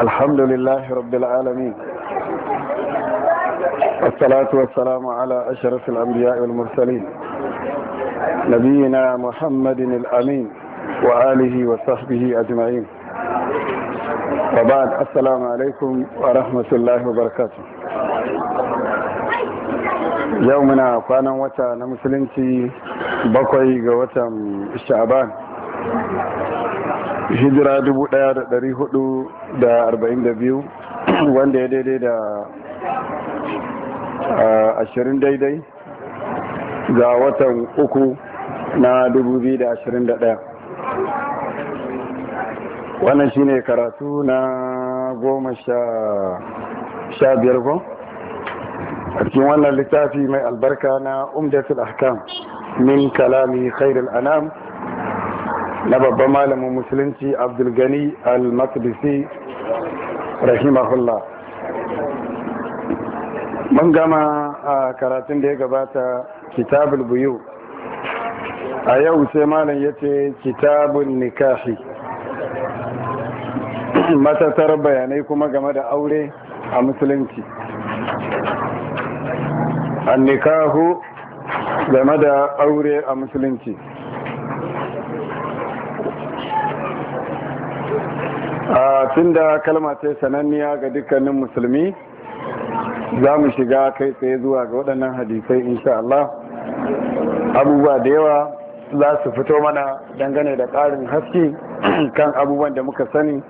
الحمد لله رب العالمين والصلاة والسلام على أشرف الأنبياء والمرسلين نبينا محمد الأمين وآله وصحبه أجمعين وبعد السلام عليكم ورحمة الله وبركاته يومنا كان وتا نمسلمتي بقي وتا الشعبان hijira 1442 wanda ya daidai da ashirin daidai ga watan uku na 2021 wannan shi ne karatu na goma sha biyar ko a cikin wannan littafi mai albarka na umdatul ahkam min kalami khairul anam na babban malamin musulunci abdulgani al-makdisi rahimahullah mun gama a karatun da ya gabata kitabul buyu a yau sai malam ya ce kitabun nikahi matatar bayanai kuma game da aure a musulunci nikahu game da aure a musulunci tun da kalma ce sananniya ga dukkanin musulmi za mu shiga kai tsaye zuwa ga waɗannan hadisai insha Allah abubuwa da yawa za su fito mana dangane da ƙarin haske kan abubuwan da muka sani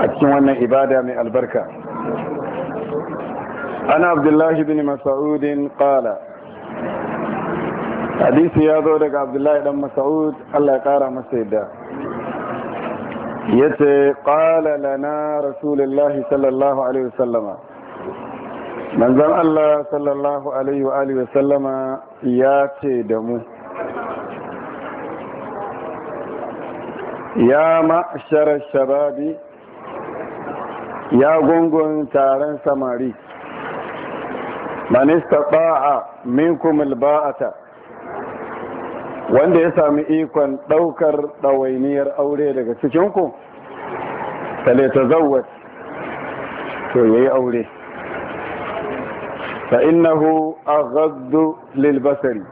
a cikin wannan ibada mai albarka ana abdullahi bin Masa'udin qala hadisi ya zo daga abdullahi dan mas'ud Allah ya kara masa yadda yace qala lana rasulullahi sallallahu alaihi wasallama manzon Allah sallallahu alaihi wa alihi wasallama ya ce da mu ya ma'shar shababi ya gungun taron samari man istata'a minkum alba'ata wanda ya sami ikon ɗaukar ɗawainiyar aure daga cikinku talata zawar to ya yi aure ta innahu a gaddu lilbasari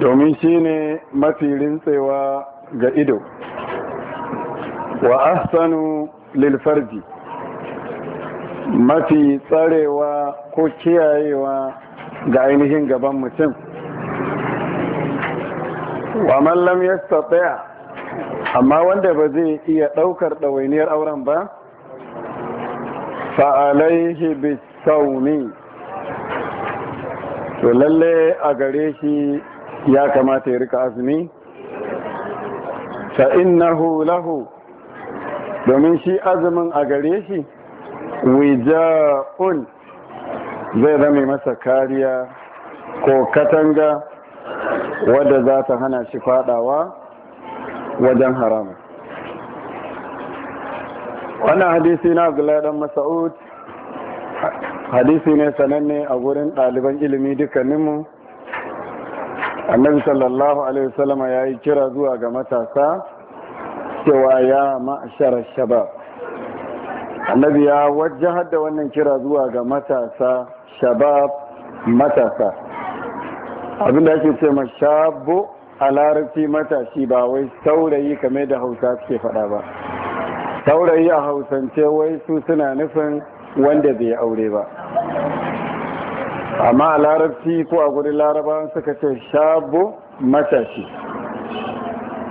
domin shi ne mafi rintsewa ga ido wa ahsanu lilfarji mafi tsarewa ko kiyayewa ga ainihin gaban mutum wa man lam yastati' amma wanda ba zai iya daukar dawainiyar auren ba fa alaihi bisawmi to lalle a gare shi ya kamata ya rika azumi fa innahu lahu domin shi azumin a gare shi wija'un zai zama masa kariya ko katanga wadda za ta hana shi fadawa wajen haram wannan hadisi na abdullahi dan mas'ud hadisi ne sananne a gurin ɗaliban ilimi dukkaninmu annabi sallallahu alaihi wasallama ya yi kira zuwa ga matasa cewa ya ma'ashara shabab annabi ya wajahar da wannan kira zuwa ga matasa shabab matasa abin da ake ce ma shabu a larabci matashi ba wai saurayi kamar da hausa suke faɗa ba saurayi a hausance wai su suna nufin wanda bai aure ba amma a larabci ko a gudun laraba suka ce shabo matashi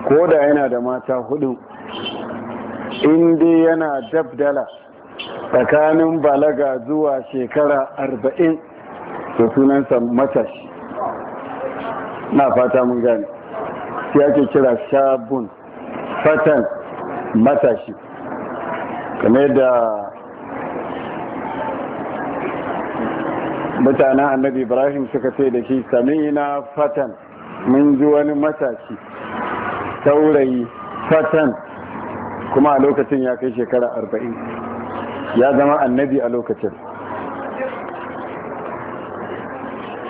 ko da yana da mata hudu inda yana dabdala tsakanin balaga zuwa shekara arba'in da sunansa matashi na fata mun gani sai ake kira sabon fatan matashi kamar da mutanen annabi ibrahim suka ce da shi samina fatan mun ji wani matashi Taurayi fatan kuma a lokacin ya kai shekara arba'in ya zama annabi a lokacin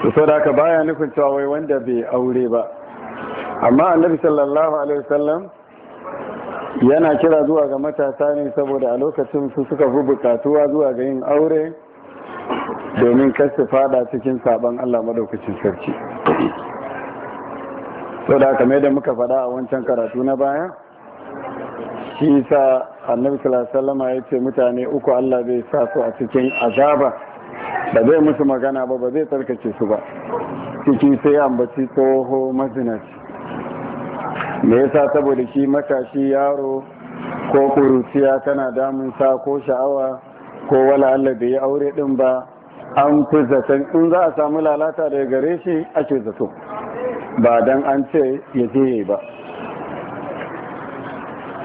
su so da haka baya nufin cewa wai wanda bai aure ba amma annabi sallallahu alaihi wasallam yana kira zuwa ga matasa ne saboda a lokacin su suka fi bukatuwa zuwa ga yin aure domin kar su fada cikin sabon Allah madaukakin sarki so da haka da muka faɗa a wancan karatu na baya shi sa annabi sallallahu ya ce mutane uku Allah bai sa su a cikin azaba ba zai musu magana ba ba zai tsarkace su ba ciki sai ambaci tsoho mazinaci me yasa saboda shi matashi yaro ko kuruciya tana sa ko sha'awa ko wala Allah bai yi aure din ba an fi zaton in za a samu lalata daga gare shi ake zato ba dan an ce ya je ba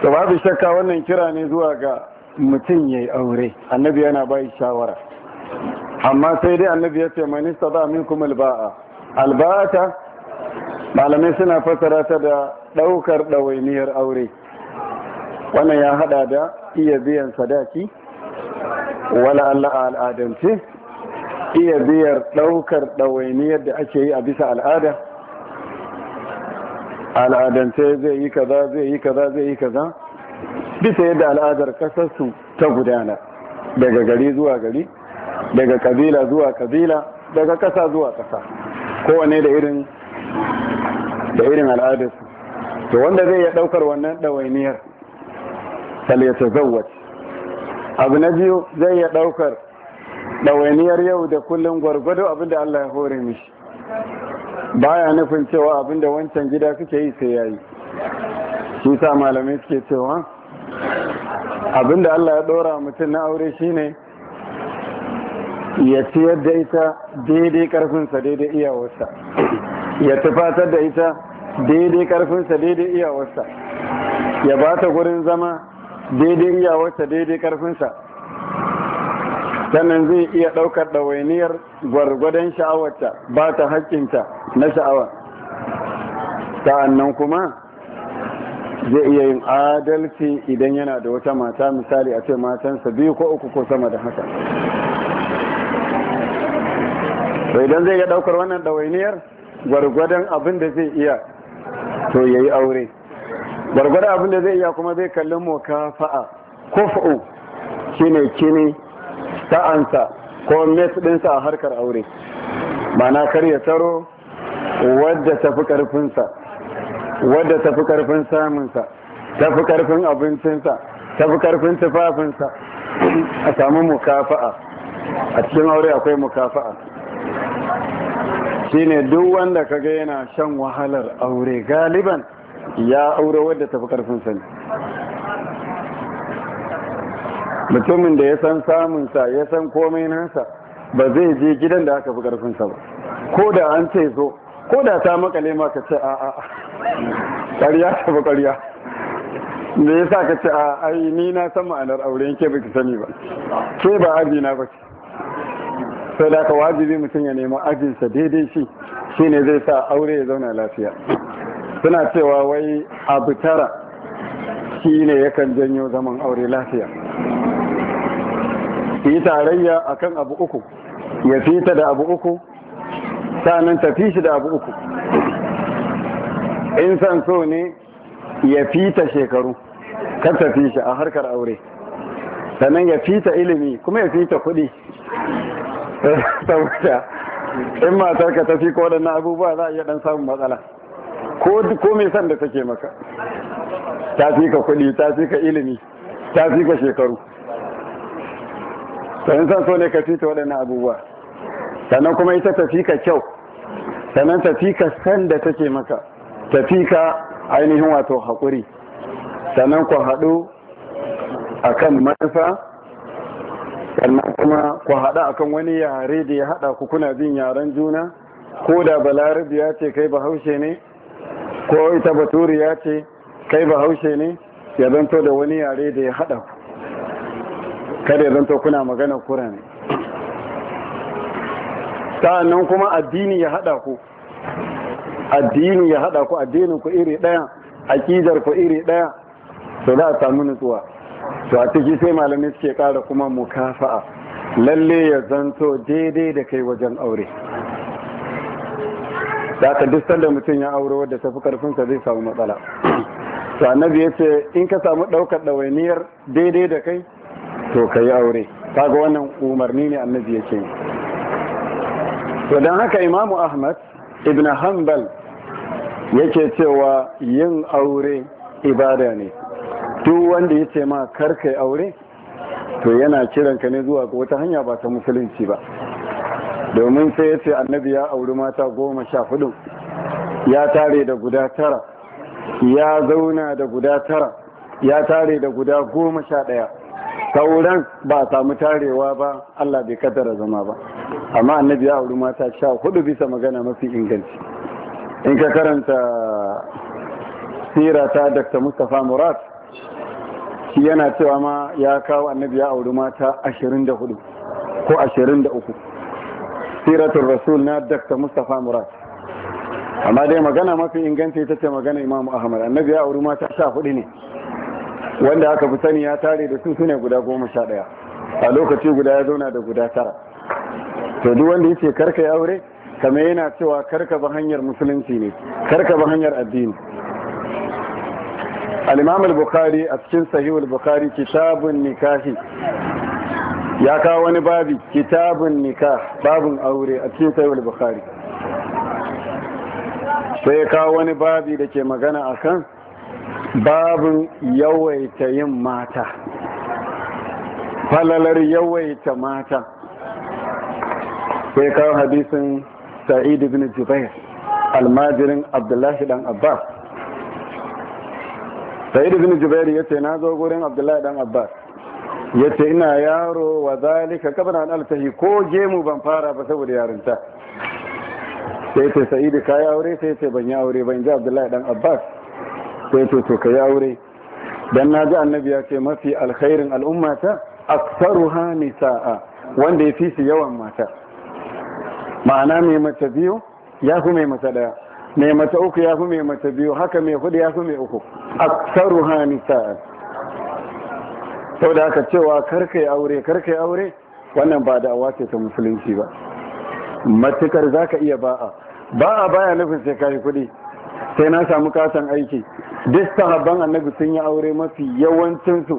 to babu shakka wannan kira ne zuwa ga mutum ya yi aure annabi yana bai shawara amma sai dai annabi ya ce mai nista ba min kuma alba'a alba'ata malamai suna fassara ta da ɗaukar ɗawainiyar aure wannan ya hada da iya biyan sadaki wala Allah al'adance iya biyar ɗaukar ɗawainiyar da ake yi a bisa al'ada al'adance zai yi kaza zai yi kaza zai yi kaza bisa yadda al'adar kasarsu ta gudana daga gari zuwa gari daga kabila zuwa kabila daga kasa zuwa kasa kowane da irin al'adarsu to wanda zai ya daukar wannan ɗawainiyar falyata zawwat abu na biyu zai ya daukar ɗawainiyar yau da kullum gwargwado abinda Allah ya hore mishi baya nufin cewa abinda wancan gida suke yi sai yayi shi sa malamai suke cewa abinda Allah ya dora mutum na aure shine ya ciyar da ita daidai karfinsa daidai iyawarsa ya tufatar da ita daidai karfinsa daidai iyawarsa ya ba ta gurin zama daidai iyawarsa daidai karfinsa sannan zai iya ɗaukar ɗawainiyar gwargwadon sha'awarta ba ta haƙƙinta na sha'awa sa'annan kuma zai iya yin adalci idan yana da wata mata misali a ce matansa biyu ko uku ko sama da haka sai idan zai iya daukar wannan dawainiyar gwargwadon abin da zai iya to ya yi aure gwargwadon abin da zai iya kuma zai kalli fa'a fa'o shi shine kini sa'ansa ko mes ɗinsa a harkar aure Ba na karya taro wadda ta fi ƙarfinsa wadda ta fi ƙarfin samunsa ta fi ƙarfin abincinsa ta fi ƙarfin tufafinsa a samu mukafa'a a cikin aure akwai mukafa'a shine duk wanda kaga yana shan wahalar aure galiban ya aure wadda tafi karfin sani mutumin da ya san samunsa ya san komai nasa ba zai je gidan da aka fi karfinsa ba ko da an ce zo ko da ta makale ma ka ce a a ƙarya ta fi ƙarya da ya sa ka ce a ainihin ni na san ma'anar aure ke baki sani ba ke ba abina na ba ce sai da aka wajibi mutum ya nemi ajinsa daidai shi shi ne zai sa aure ya zauna lafiya suna cewa wai abu tara shi ne yakan janyo zaman aure lafiya yi tarayya a kan abu uku ya fita da abu uku nan tafi shi da abu uku in san so ne ya fita shekaru kan tafi shi a harkar aure sannan ya fita ilimi kuma ya fita kuɗi in matar ka tafi ko waɗannan abubuwa za a iya dan samun matsala ko mai san da take maka ta fi ka kuɗi ta fi ka ilimi ta fi ka shekaru sannan san so ne ka fi ta waɗannan abubuwa sannan kuma ita tafi ka kyau sannan tafi ka san da take maka tafi ka ainihin wato haƙuri sannan ku haɗu a kan manufa sannan kuma ku haɗa akan wani yare da ya haɗa ku kuna bin yaren juna ko da balarabi ya ce kai bahaushe ne ko ita baturi ya ce kai bahaushe ne ya zanto da wani yare da ya haɗa ku kada ya zanto kuna magana kura ne sa'annan kuma addini ya haɗa ku addini ya haɗa ku addinin ku iri ɗaya aƙidar ku iri ɗaya to za a samu nutsuwa to a ciki sai malamai suke kara kuma mukafa'a lalle ya zanto daidai da kai wajen aure da ka duk da mutum ya aure wadda tafi karfinsa zai samu matsala to annabi ya ce in ka samu ɗaukar ɗawainiyar daidai da kai to ka yi aure kaga wannan umarni ne annabi ya ce don haka imamu ahmad ibn hanbal yake cewa yin aure ibada ne duk wanda ya ce ma yi aure to yana kiranka ne zuwa ga wata hanya ba ta musulunci ba domin sai ya ce annabi ya auri mata goma sha hudu ya tare da guda tara ya zauna da guda tara ya tare da guda goma sha ɗaya sauran ba a samu tarewa ba Allah bai kaddara zama ba amma annabi ya auri mata sha hudu bisa magana mafi inganci in ka karanta sira ta dr mustapha murad shi yana cewa ma ya kawo annabi ya auri mata 24 ko 23 siratul rasul na dr mustapha murad amma dai magana mafi inganci ita ce magana imamu ahmad annabi ya auri mata 14 ne wanda aka fi sani ya tare da su sune guda goma sha a lokaci guda ya zauna da guda tara to duk wanda yake karka ya aure kamar yana cewa karka ba hanyar musulunci ne karka ba hanyar addini al al-bukhari a cikin sahih al-bukhari kitabun nikahi ya kawo wani babi kitabun nikah babun aure a cikin sahih al-bukhari sai ya kawo wani babi da ke magana a kan babin yawaita yin mata falalar yawaita mata sai kawo hadisin sa'id ibn jubair almajirin abdullahi dan abbas sayyid ibn jubair yace na zo gurin abdullahi dan abbas yace ina yaro wa zalika kabana an altahi ko gemu ban fara ba saboda yarinta sai ce sa'idu ka yi aure sai ce ban yi aure ban ji abdullahi dan abbas sai ce to ka yi aure dan na ji annabi ya ce mafi alkhairin al'ummata aksaruha nisa'a wanda ya fi su yawan mata ma'ana mai mace biyu ya fi mai mace daya mai mata uku ya fi mai mata biyu haka mai hudu ya fi mai uku A hannun hanisa sau da aka cewa karkai aure karkai aure wannan ba da wace ta musulunci ba matukar za ka iya ba'a ba'a baya nufin sai kayi kuɗi sai na samu kasan aiki duk sahabban annabi sun yi aure mafi yawancinsu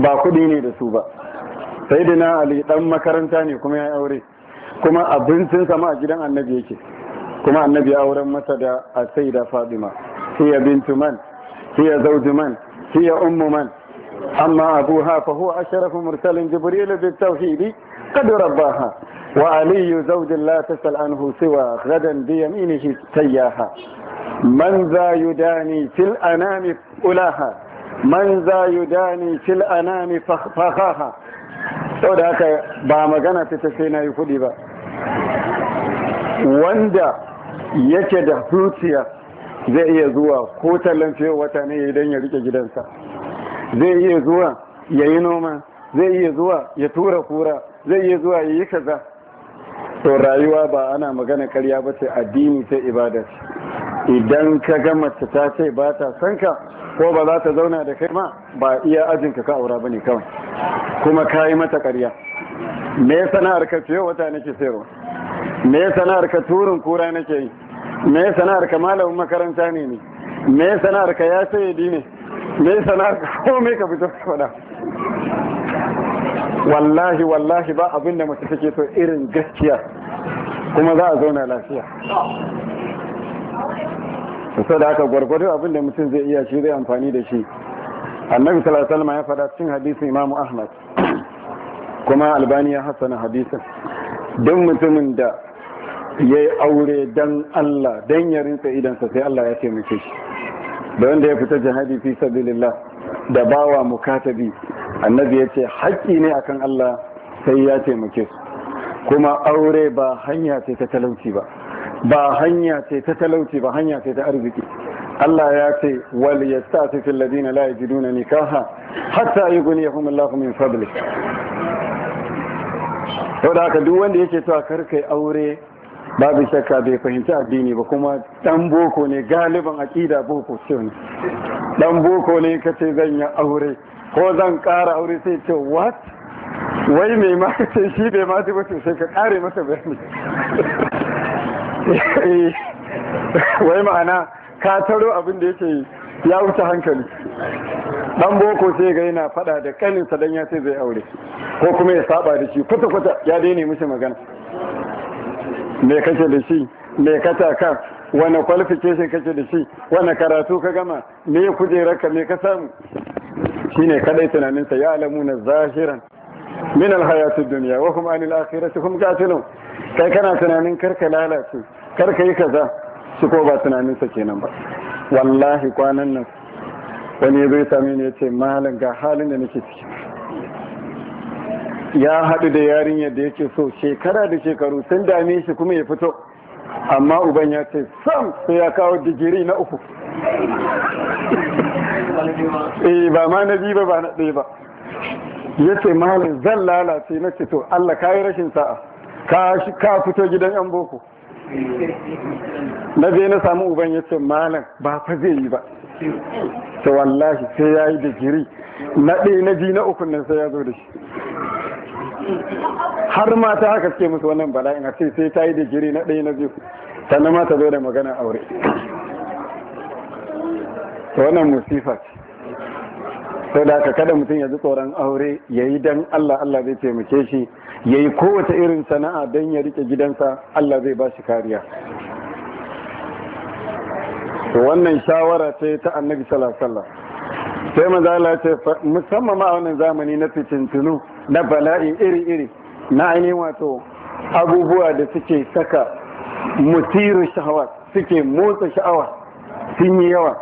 ba kuɗi ne da su ba sai na ali dan makaranta ne kuma ya aure kuma abincin sama a gidan annabi yake kuma annabi auren mata da asaida fadima hiya bintu man hiya zauji man hiya ummu man amma abuha fa huwa ashrafu mursalin jibril bit tawhid qad rabbaha wa ali zawj la tasal anhu siwa ghadan bi yaminihi sayyaha man za yudani fil anami ulaha man za yudani fil anami fakhaha saboda haka ba magana fita sai na yi kuɗi ba wanda yake da zuciya zai iya zuwa ko tallafe wata ne idan ya rike gidansa zai iya zuwa ya yi noma zai iya zuwa ya tura kura zai iya zuwa ya yi kaza to rayuwa ba ana magana karya ba ce addini sai ibada idan ka ga mace ta ce ba ta san ka ko ba za ta zauna da kai ma ba iya ajinka ka aura bane kawai kuma ka yi mata karya me sana'ar ka ce wata nake sayarwa me sana'ar ka turin kura nake yi me sana'ar ka malamin makaranta ne ne me sana'ar ka ya sai di ne me sana'ar ka ko me ka fito faɗa wallahi wallahi ba abin da mace take so irin gaskiya kuma za a zauna lafiya sau da aka gwargwado abin da mutum zai iya shi zai amfani da shi annabi salasalma ya faɗa cin hadisin imamu ahmad kuma albani ya hassana hadisin duk mutumin da ya yi aure don Allah don ya rinsa idansa sai Allah ya taimake shi da wanda ya fita jihadi fi sabilillah da bawa mukatabi annabi ya ce haƙƙi ne akan Allah sai ya taimake su kuma aure ba hanya ce ta talauci ba ba hanya ce ta talauci ba hanya ce ta arziki Allah ya ce wal yastati fil ladina la yajiduna nikaha hatta yughniyahum Allahu min fadli to da haka duk wanda yake cewa kar kai aure babu shakka bai fahimci addini ba kuma dan boko ne galiban aqida boko ce ne dan boko ne kace zan yi aure ko zan ƙara aure sai ce what wai me ma kace shi bai ma ba to sai ka ƙare masa bayani wai ma'ana ka taro abin da yake ya wuce hankali dan boko sai ga yana fada da kaninsa dan ya ce zai aure ko kuma ya saba da shi kwata-kwata ya daina mishi magana me kake da shi me ka taka wani kwalifikashin kake da shi wani karatu ka gama me ka me ka samu Shi ne kadai tunaninsa ya na zahiran min alhayatid duniya, wa kuma anil akhirati kuma ghafilun kai kana tunanin karka lalace karka yi kaza su ko ba tunaninsa kenan ba wallahi kwanan nan wani ya bai ya ya ce malam ga halin da nake ciki ya haɗu da yarinyar da yake so shekara da shekaru sun dame shi kuma ya fito amma uban ya ce sam sai ya kawo digiri na uku eh ba ma na biyu ba ba na ɗaya ba ya ce malam zan lalace na ce to Allah ka yi rashin sa'a ka fito gidan yan boko na je na samu uban ya ce malam ba fa zai yi ba ta wallahi sai ya yi digiri na ɗaya na biyu na uku nan sai ya zo da shi har mata haka ce musu wannan bala'in a ce sai ta yi digiri na ɗaya na biyu ta nama ta zo da magana aure ta wannan musifa ce sau da aka kada mutum ya ji tsoron aure ya yi don Allah Allah zai taimake shi ya yi kowace irin sana'a don ya rike gidansa Allah zai ba shi kariya to wannan shawara ce ta annabi sallallahu alaihi sai manzo Allah ce musamman ma a wannan zamani na fitintunu na bala'i iri-iri na ainihin wato abubuwa da suke saka mutiru sha'awa suke motsa sha'awa sun yi yawa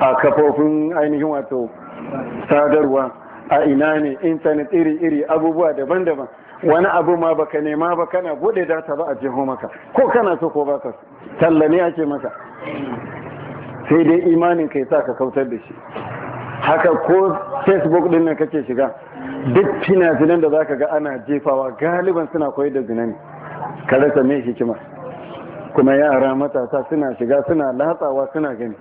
a kafofin ainihin wato sadarwa a ina ne intanet iri-iri abubuwa daban-daban wani abu ma baka nema ba kana bude data ba a jeho maka ko kana so ko baka talla ne ake maka sai dai imanin kai sa ka kautar da shi haka ko facebook din nan kake shiga duk fina zinan da zaka ga ana jefawa galiban suna koyar da zina Kada ka rasa mai hikima kuma yara matasa suna shiga suna latsawa suna gani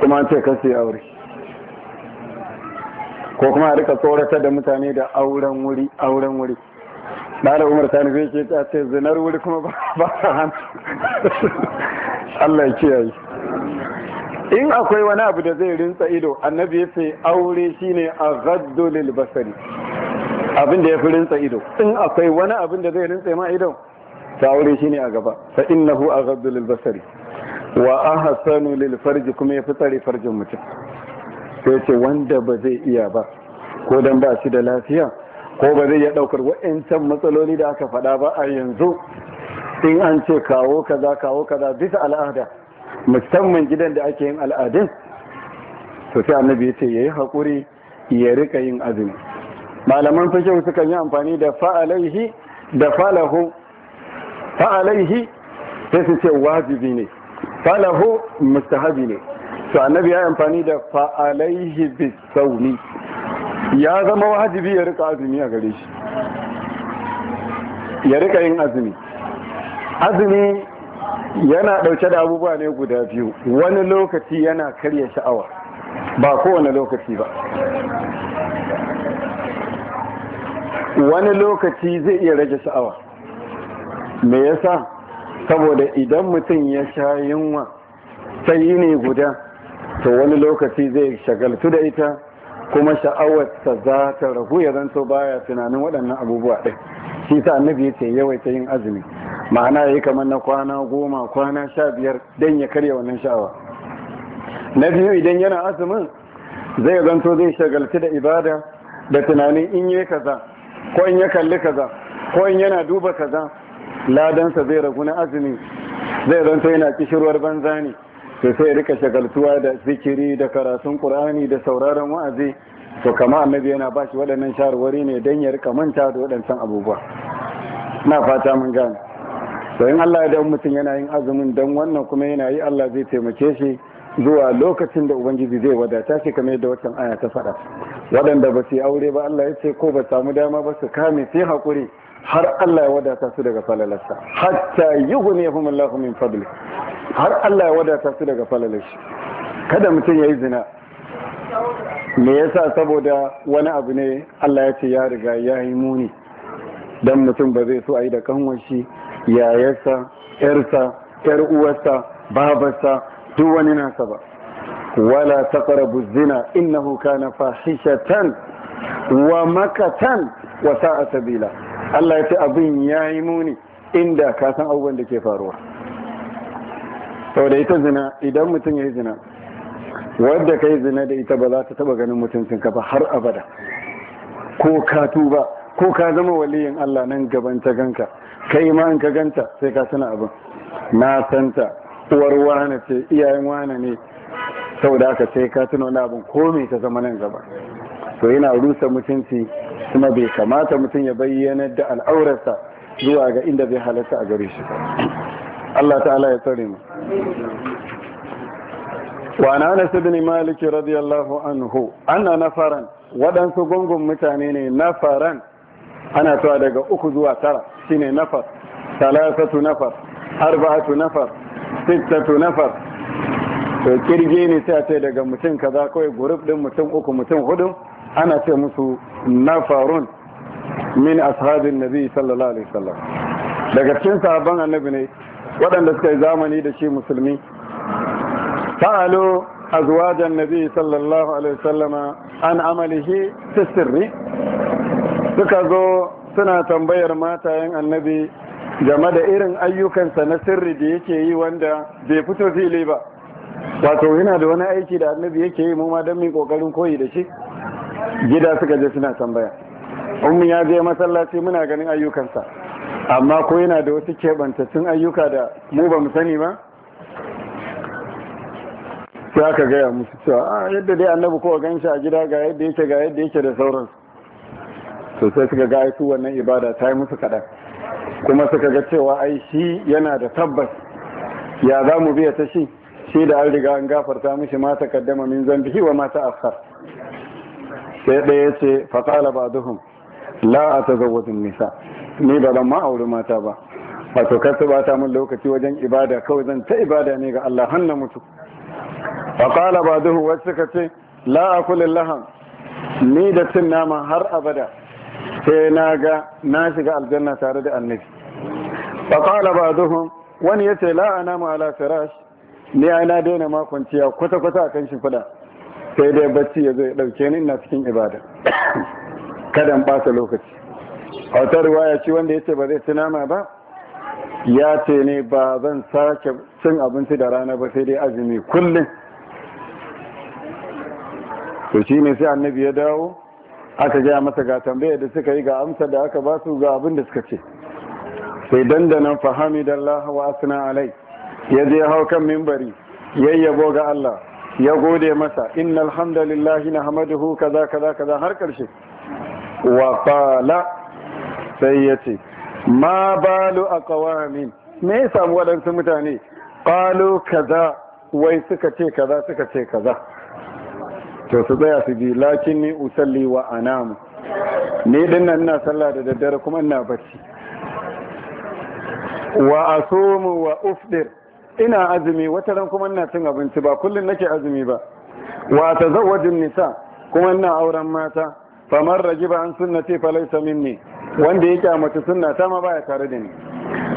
kuma an ce kasu aure ko kuma a rika tsoratar da mutane da auren wuri auren wuri Dala Umar Sani zai ke ta ce zinar wuri kuma ba a hannu. Allah ya kiyaye. In akwai wani abu da zai rinsa ido, annabi ya ce aure shine a gaddo lil basari. Abin da ya fi rinsa ido. In akwai wani abin da zai rinsa ma ido, ta aure shine a gaba. Fa innahu a gaddo lil basari. Wa ahsanu lil farji kuma ya fi tsare farjin mutum. sai ce wanda ba zai iya ba ko don ba shi da lafiya ko ba zai iya daukar wa'ancan matsaloli da aka faɗa ba a yanzu in an ce kawo kaza kawo kaza bisa al'ada musamman gidan da ake yin al'adun to sai annabi ya ce yi hakuri ya rika yin azumi malaman fikihu sukan yi amfani da fa'alaihi da falahu fa'alaihi sai su ce wajibi ne falahu mustahabi ne to annabi ya amfani da fa'alaihi bisauni ya zama wajibi ya rika azumi a gare shi ya rika yin azumi azumi yana dauke da abubuwa ne guda biyu wani lokaci yana karya sha'awa ba kowane lokaci ba wani lokaci zai iya rage sha'awa me yasa saboda idan mutum ya sha yunwa sai ne guda to wani lokaci zai shagaltu da ita kuma sha'awarsa za ta ragu ya zanto baya tunanin waɗannan abubuwa ɗin shi sa annabi ce yawai ta yin azumi ma'ana ya yi kamar na kwana goma kwana sha biyar dan ya karya wannan sha'awa na biyu idan yana azumin zai zanto zai shagaltu da ibada da tunanin in yi kaza ko in ya kalli kaza ko in yana duba kaza ladansa zai ragu na azumi zai zanto yana kishirwar banza ne sai sai rika shagaltuwa da zikiri da karatun qur'ani da sauraron wa'azi to kama annabi yana ba shi waɗannan sharwari ne don ya rika manta da waɗancan abubuwa na fata mun gane to in Allah ya dawo mutum yana yin azumin dan wannan kuma yana yi Allah zai taimake shi zuwa lokacin da ubangiji zai wadata shi kamar yadda wannan aya ta faɗa waɗanda ba su yi aure ba Allah ya ce ko ba samu dama ba su kame sai hakuri har Allah ya wadata su daga falalarsa hatta hum Allahu min fadli har Allah ya wadata su daga falalarsa kada mutum yayi zina me yasa saboda wani abu ne Allah ya ce ya riga ya yi muni dan mutum ba zai so a yi da kanwar shi yayarsa yarsa yar uwarsa babarsa duk wani nasa ba wala taqrabu zina innahu kana fahishatan wa makatan wa sa'a sabila Allah ya ce abin ya yi muni inda ka san abubuwan da ke faruwa sau da ita zina idan mutum ya yi zina wadda ka yi zina da ita ba za ta taba ganin mutuncin ka ba har abada ko ka tuba ko ka zama waliyin Allah nan gaban ta ganka ka ma in ka ganta sai ka tuna abin na santa uwar wane ce iyayen wane ne sau da aka sai ka tuna wani abin ko me ta zama nan gaba to yana rusa mutunci kuma bai kamata mutum ya bayyana da al'aurarsa zuwa ga inda bai halatta a gare shi Allah ta'ala ya tsare mu wa na Anas ibn maliki radiyallahu anhu anna nafaran waɗansu gungun mutane ne nafaran ana tuwa daga uku zuwa tara shine nafar talatatu nafar arba'atu nafar sittatu nafar to kirge ne sai a ce daga mutum kaza kawai guruf din mutum uku mutum hudu ana ce musu nafarun min ashabin nabi sallallahu alaihi wasallam daga cikin sahabban annabi ne waɗanda suka yi zamani da shi musulmi fa'alu azwajan nabi sallallahu alaihi wasallama an amalihi fi sirri suka zo suna tambayar matayen annabi game da irin ayyukansa na sirri da yake yi wanda bai fito fili ba wato yana da wani aiki da annabi yake yi mu ma don min kokarin koyi da shi gida suka je suna tambaya ummi ya je masallaci muna ganin ayyukansa amma ko yana da wasu keɓantattun ayyuka da mu ba mu sani ba sai aka gaya musu cewa a ah, yadda dai annabi kowa gan shi a gida ga yadda yake ga yadda yake da sauransu Sosai suka ga su wannan ibada ta yi musu kaɗan kuma suka ga cewa ai shi yana da tabbas ya za mu biya ta shi shi da an riga an gafarta mishi ma ta kaddama min zambihi wa mata ta afkar sai ɗaya ce faƙala ba duhun la'a ta zawajin nisa ni ba ban ma'auri mata ba wato kasu ba ta mun lokaci wajen ibada kawai zan ta ibada ne ga Allah har na mutu faƙala ba duhu wasu suka ce la'a ni da cin nama har abada sai na ga na shiga aljanna tare da annabi faƙala ba duhun wani ya ce la'a nama ala firash ni ai na daina makwanciya kwata-kwata a kan shi fada sai dai bacci ya zai ɗauke ni ina cikin ibada kada in ɓata lokaci a wata ruwaya wanda ya ce ba zai ci nama ba ya ce ne ba zan sake cin abinci da rana ba sai dai azumi kullum to shi ne sai annabi ya dawo aka gaya masa ga tambaya da suka yi ga amsa da aka ba su ga abin da suka ce sai dandanan Allah wa asna alai ya je hau kan mimbari yayyabo ga Allah ya gode masa innal hamdalillahi nahmaduhu kaza kaza kaza har karshe wa qala sai yace ma balu aqwamin me ya samu waɗansu mutane qalu kaza wai suka ce kaza suka ce kaza to su tsaya su bi ni usalli wa anam ni dinnan ina sallah da daddare kuma ina bacci wa asumu wa ufdir ina azumi wata ran kuma ina cin abinci ba kullum nake azumi ba wa tazawwajin nisa kuma ina auren mata famar rajiba an sunnati falaysa minni wanda ya kyamata sunna ta ma baya tare da ni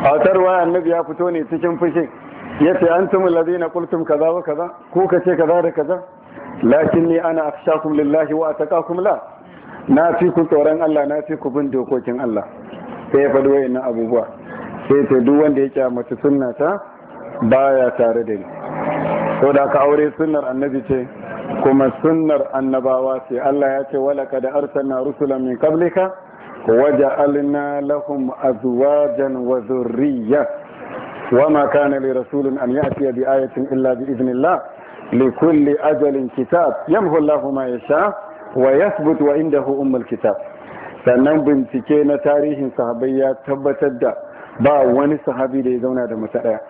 a tarwa annabi ya fito ne cikin fushi yace antum alladhina qultum kaza wa kaza ko kace kaza da kaza lakinni ana afshakum lillahi wa ataqakum la na fi ku tsoron Allah na fi ku bin dokokin Allah sai ya faɗi abubuwa sai ta duk wanda ya kyamata sunna ta baya tare da ni sau da ka aure sunnar annabi ce kuma sunnar annabawa ce Allah ya ce wala da arsalna rusulan min qablika waja'alna lahum azwajan wa dhurriyya wama kana li rasulin an ya'tiya bi ayatin illa bi idhnillah li kulli ajalin kitab yamhu Allahu ma yasha wa yathbut wa indahu ummul kitab sannan bincike na tarihin sahabbai ya tabbatar da ba wani sahabi da ya zauna da mata daya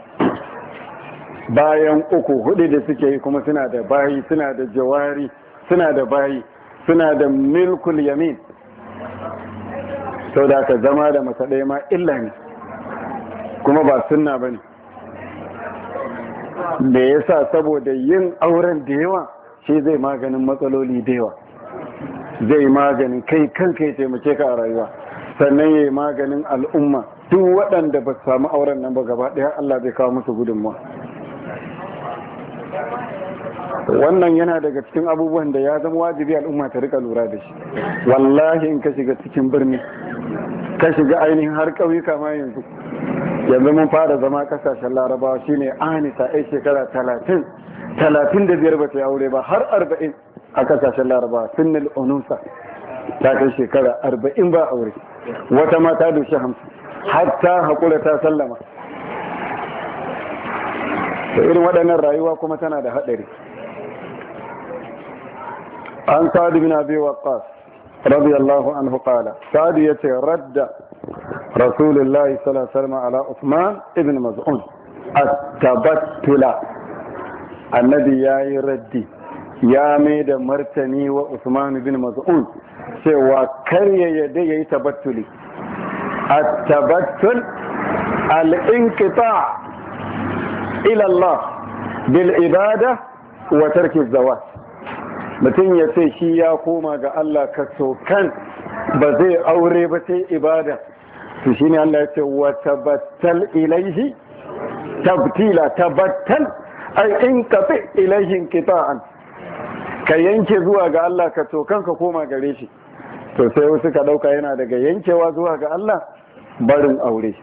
bayan uku hudu da suke yi kuma suna da bayi suna da jawari suna da bayi suna da milkul yamin sau da aka zama da masaɗai ma illa ne kuma ba sunna ba ne da ya sa saboda yin auren da yawa shi zai maganin matsaloli da yawa zai maganin kai kanka ya taimake ka a rayuwa sannan ya yi maganin al'umma duk waɗanda ba su samu auren nan ba gaba ɗaya Allah zai kawo musu gudunmuwa wannan yana daga cikin abubuwan da ya zama wajibi al'umma ta rika lura da shi wallahi in ka shiga cikin birni ka shiga ainihin har ƙauyuka ma yanzu yanzu mun fara zama kasashen larabawa shine anisa ai shekara talatin talatin da biyar ba ta aure ba har arba'in a kasashen larabawa sunnal onusa ta kai shekara arba'in ba aure wata mata da shi hamsin hatta haƙura ta sallama da irin waɗannan rayuwa kuma tana da haɗari عن سعد بن أبي وقاص رضي الله عنه قال سعد يترد رسول الله صلى الله عليه وسلم على عثمان بن مزعون التبتل النبي يا ردي يا ميد مرتني وعثمان بن مزعون سوى كري يدي يتبتلي التبتل الانقطاع إلى الله بالعبادة وترك الزواج mutum ya ce shi ya koma ga Allah ka kan ba zai aure ba sai ibada to shine Allah ya ce wa tabattal ilaihi tabtila tabattal ai in ka fi ilaihin kita'an ka yanke zuwa ga Allah ka kan ka koma gare shi to sai wasu ka dauka yana daga yankewa zuwa ga Allah barin aure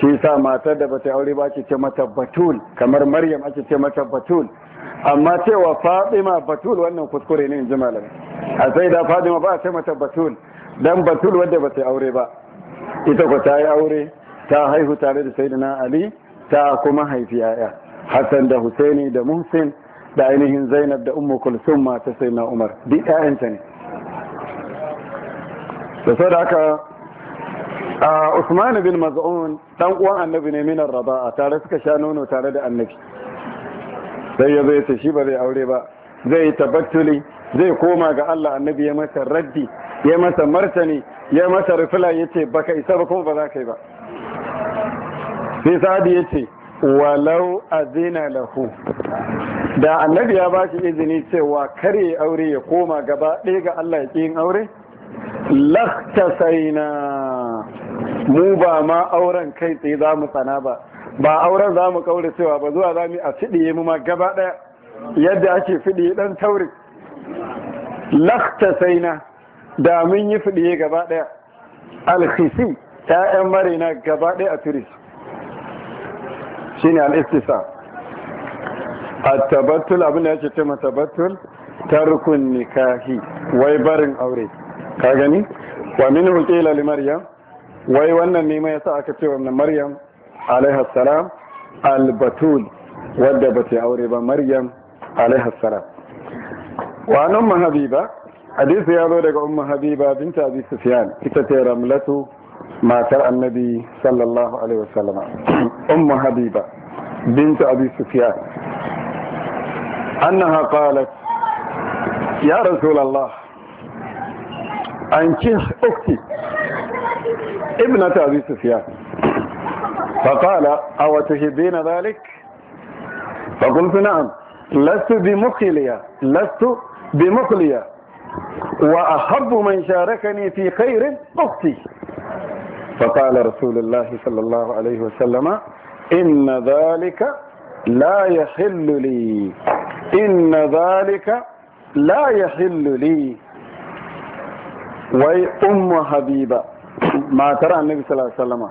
shi sa matar da bata aure ba ake ce mata batul kamar maryam ake ce mata batul amma cewa fatima batul wannan kuskure ne in ji malamai a sai da fatima ba a ce mata batul dan batul wanda ba ta aure ba ita ko ta yi aure ta haihu tare da sayyidina ali ta kuma haifi yaya hassan da husaini da muhsin da ainihin zainab da ummu kulsum ta sayyidina umar duk ƴaƴanta ne da sau da haka Usman bin Maz'un dan uwan annabi ne minar raba'a tare suka sha nono tare da annabi sai ya zai ta shi ba zai aure ba zai tabbatuli zai koma ga Allah annabi ya masa raddi ya masa martani ya masa rufula ya ce baka isa ba kuma ba za ka yi ba sai sa'adi ya ce walau azina lahu da annabi ya ba shi izini cewa kare aure ya koma gaba ɗaya ga Allah ya yin aure laktasaina mu ba ma auren kai tsaye za mu tsana ba ba auren za mu kaura cewa ba zuwa za mu a fiɗiye mu ma gaba ɗaya yadda ake fiɗiye ɗan taurin lakta na, da mun yi fiɗiye gaba ɗaya alhisi ‘ya'yan marina gaba ɗaya a turi shi ne al'istisa a tabbatul abinda ya ce ma tabbatul tarkun nikahi wai barin aure ka gani wa min hukila li maryam wai wannan ne ya sa aka ce wannan maryam عليه السلام البتول ودبت أوربا مريم عليه السلام وعن أم حبيبة حديث يقول أم حبيبة بنت أبي سفيان كتتي رملة ما ترى النبي صلى الله عليه وسلم أم حبيبة بنت أبي سفيان أنها قالت يا رسول الله أنت أختي ابنة أبي سفيان فقال أو تحبين ذلك فقلت نعم لست بمخلية لست بمخلية وأحب من شاركني في خير أختي فقال رسول الله صلى الله عليه وسلم إن ذلك لا يحل لي إن ذلك لا يحل لي وي أم حبيبة ما ترى النبي صلى الله عليه وسلم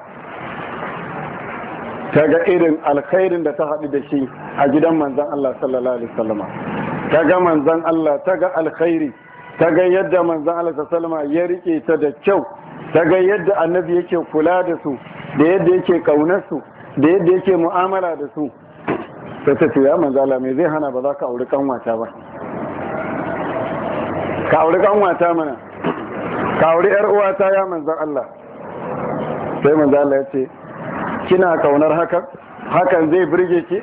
kaga irin alkhairin da ta haɗu da shi a gidan manzan Allah sallallahu alaihi ta kaga manzan Allah taga alkhairi ga yadda manzan Allah sallallahu alaihi wasallam ya rike ta da kyau ga yadda annabi yake kula da su da yadda yake kaunar su da yadda yake mu'amala da su sai ta ce ya manzan Allah me zai hana ba za ka auri kanwata ba ka auri kanwata mana ka auri yar uwata ya manzan Allah sai manzan Allah ya ce kina kaunar hakan hakan zai birge ki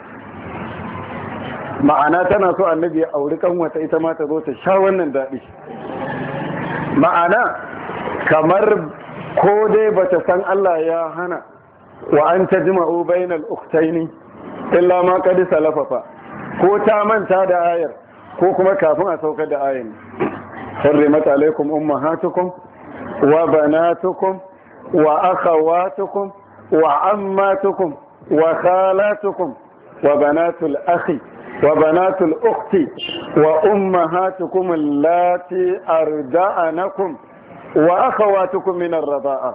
ma'ana tana so annabi ya auri kanwata ita ma ta zo ta sha wannan daɗi ma'ana kamar ko dai bata san Allah ya hana wa an tajma'u bainal uktaini illa ma qad salafafa ko ta manta da ayar ko kuma kafin a saukar da ayar حرمت wa banatukum wa akhawatukum وعماتكم وخالاتكم وبنات الأخ وبنات الأخت وأمهاتكم اللاتي أرضعنكم وأخواتكم من الرضاعة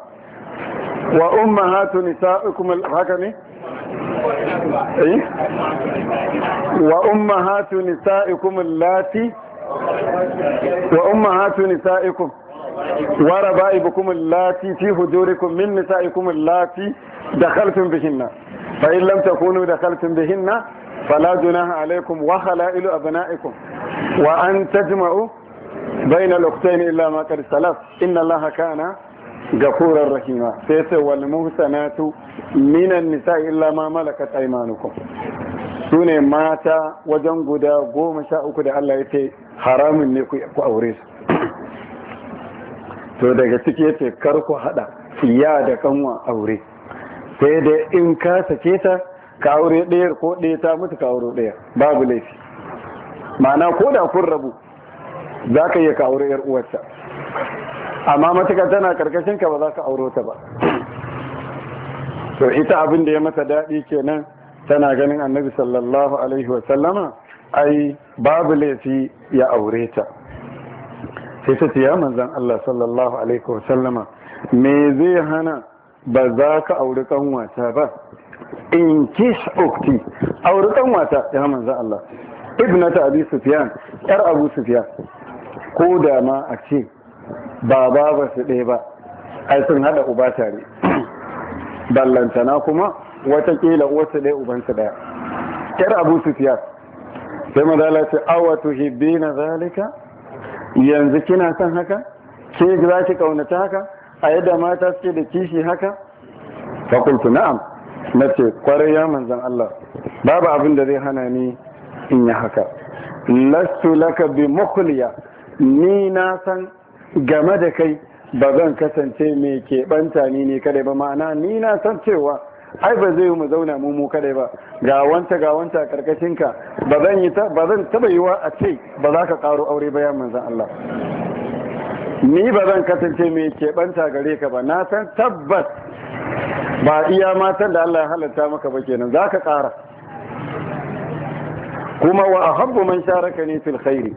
وأمهات نسائكم الحكمي إيه؟ وأمهات نسائكم اللاتي وأمهات نسائكم wa raba'ibukum lati fi hujurikum min nisa'ikum allati dakhaltum bihinna fa in lam takunu dakhaltum bihinna fala junaha alaykum wa khala'ilu abna'ikum wa an tajma'u bayna al-ukhtayn illa ma qad salaf inna allaha kana ghafurar rahima sai sai wal muhsanatu minan nisa illa ma malakat aymanukum sune mata wajen guda goma sha uku da Allah ya ce haramun ne ku aure su to daga cike ce kar ku hada iya da kanwa aure sai dai in ka sake ta ka aure ɗayar ko ɗaya ta mutu ka aure ɗaya babu laifi ma'ana ko da kun rabu za ka iya ka aure uwarsa amma matuka tana karkashin ka ba za ka auro ta ba to ita abin da ya mata daɗi kenan tana ganin annabi sallallahu alaihi wasallama ai babu laifi ya aure ta sai ta ce ya manzan Allah sallallahu alaihi wasallama me zai hana ba za ka auri kanwata ba in kish ukti auri kanwata ya manzan Allah ibnata abi sufyan yar abu sufyan ko da ma a ce ba ba su ɗaya ba ai sun hada uba tare ballantana kuma watakila wasu ɗaya ubansu ɗaya yar abu sufyan sai madala ce awa tuhibbina zalika yanzu kina son haka ke za ki kaunata haka a yadda mata suke da kishi haka fakultu na'am na ce kwarai manzan Allah babu abin da zai hana ni in yi haka lasu laka bi mukhliya ni na san game da kai ba zan kasance mai keɓanta ni ne kadai ba ma'ana ni na san cewa ai ba zai mu zauna mu mu kadai ba ga wanta ga wanta karkashin ka ba zan yi ba zan taba yiwa a ce ba za ka karo aure ba ya manzan Allah ni ba zan kasance mai keɓanta gare ka ba na san tabbas ba iya matan da Allah ya halatta maka ba kenan za ka ƙara kuma wa ahabbu man sharaka ni fil khairi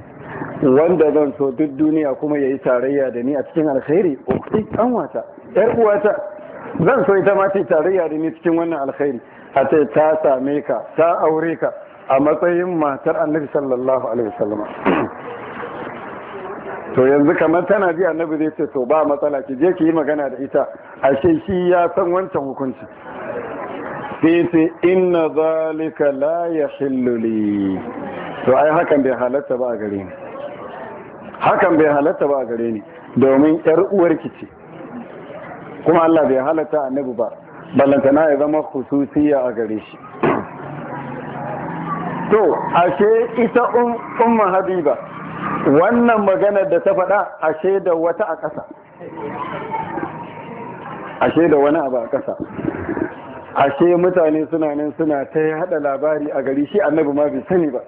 wanda zan so duk duniya kuma yayi tarayya da ni a cikin alkhairi ukti kai wata yar uwata zan so ita ma ce tarayya da ni cikin wannan alkhairi a ce ta same ka ta aure ka a matsayin matar annabi sallallahu alaihi wasallam to yanzu kamar tana ji annabi zai ce to ba matsala ki je ki yi magana da ita ashe shi ya san wancan hukunci sai ce inna zalika la yahillu li to ai hakan bai halatta ba a gare ni hakan bai halatta ba a gare ni domin yar uwarki ce kuma Allah bai halatta annabi ba ballantana ya zama khususiya a gare shi to ashe ita um, umma habiba wannan maganar da ta faɗa ashe da wata a ƙasa ashe da wani abu a ƙasa ashe mutane suna nan suna ta yi hada labari a gari shi annabi ma bai sani ba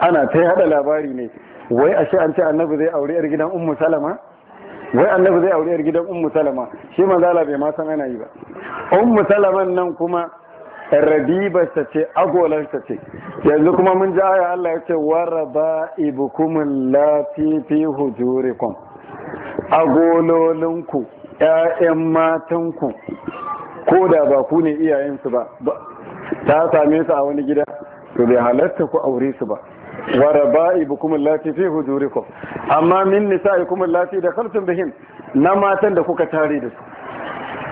ana ta yi hada labari ne wai ashe an ce annabi zai aure yar gidan ummu salama wai annabi zai aure gidan ummu salama shi manzala bai ma san ana yi ba ummu salaman nan kuma ta ce agolarsa ce yanzu kuma mun ji aya Allah ya ce waraba ibukumun lafifi hujurikum agololinku ƴaƴan matanku ko da ba ku ne iyayensu ba ta same su a wani gida to bai halarta ku aure su ba wa allati fi hujurikum amma min nisa'ikum allati dakhaltum bihin na matan da kuka tare da su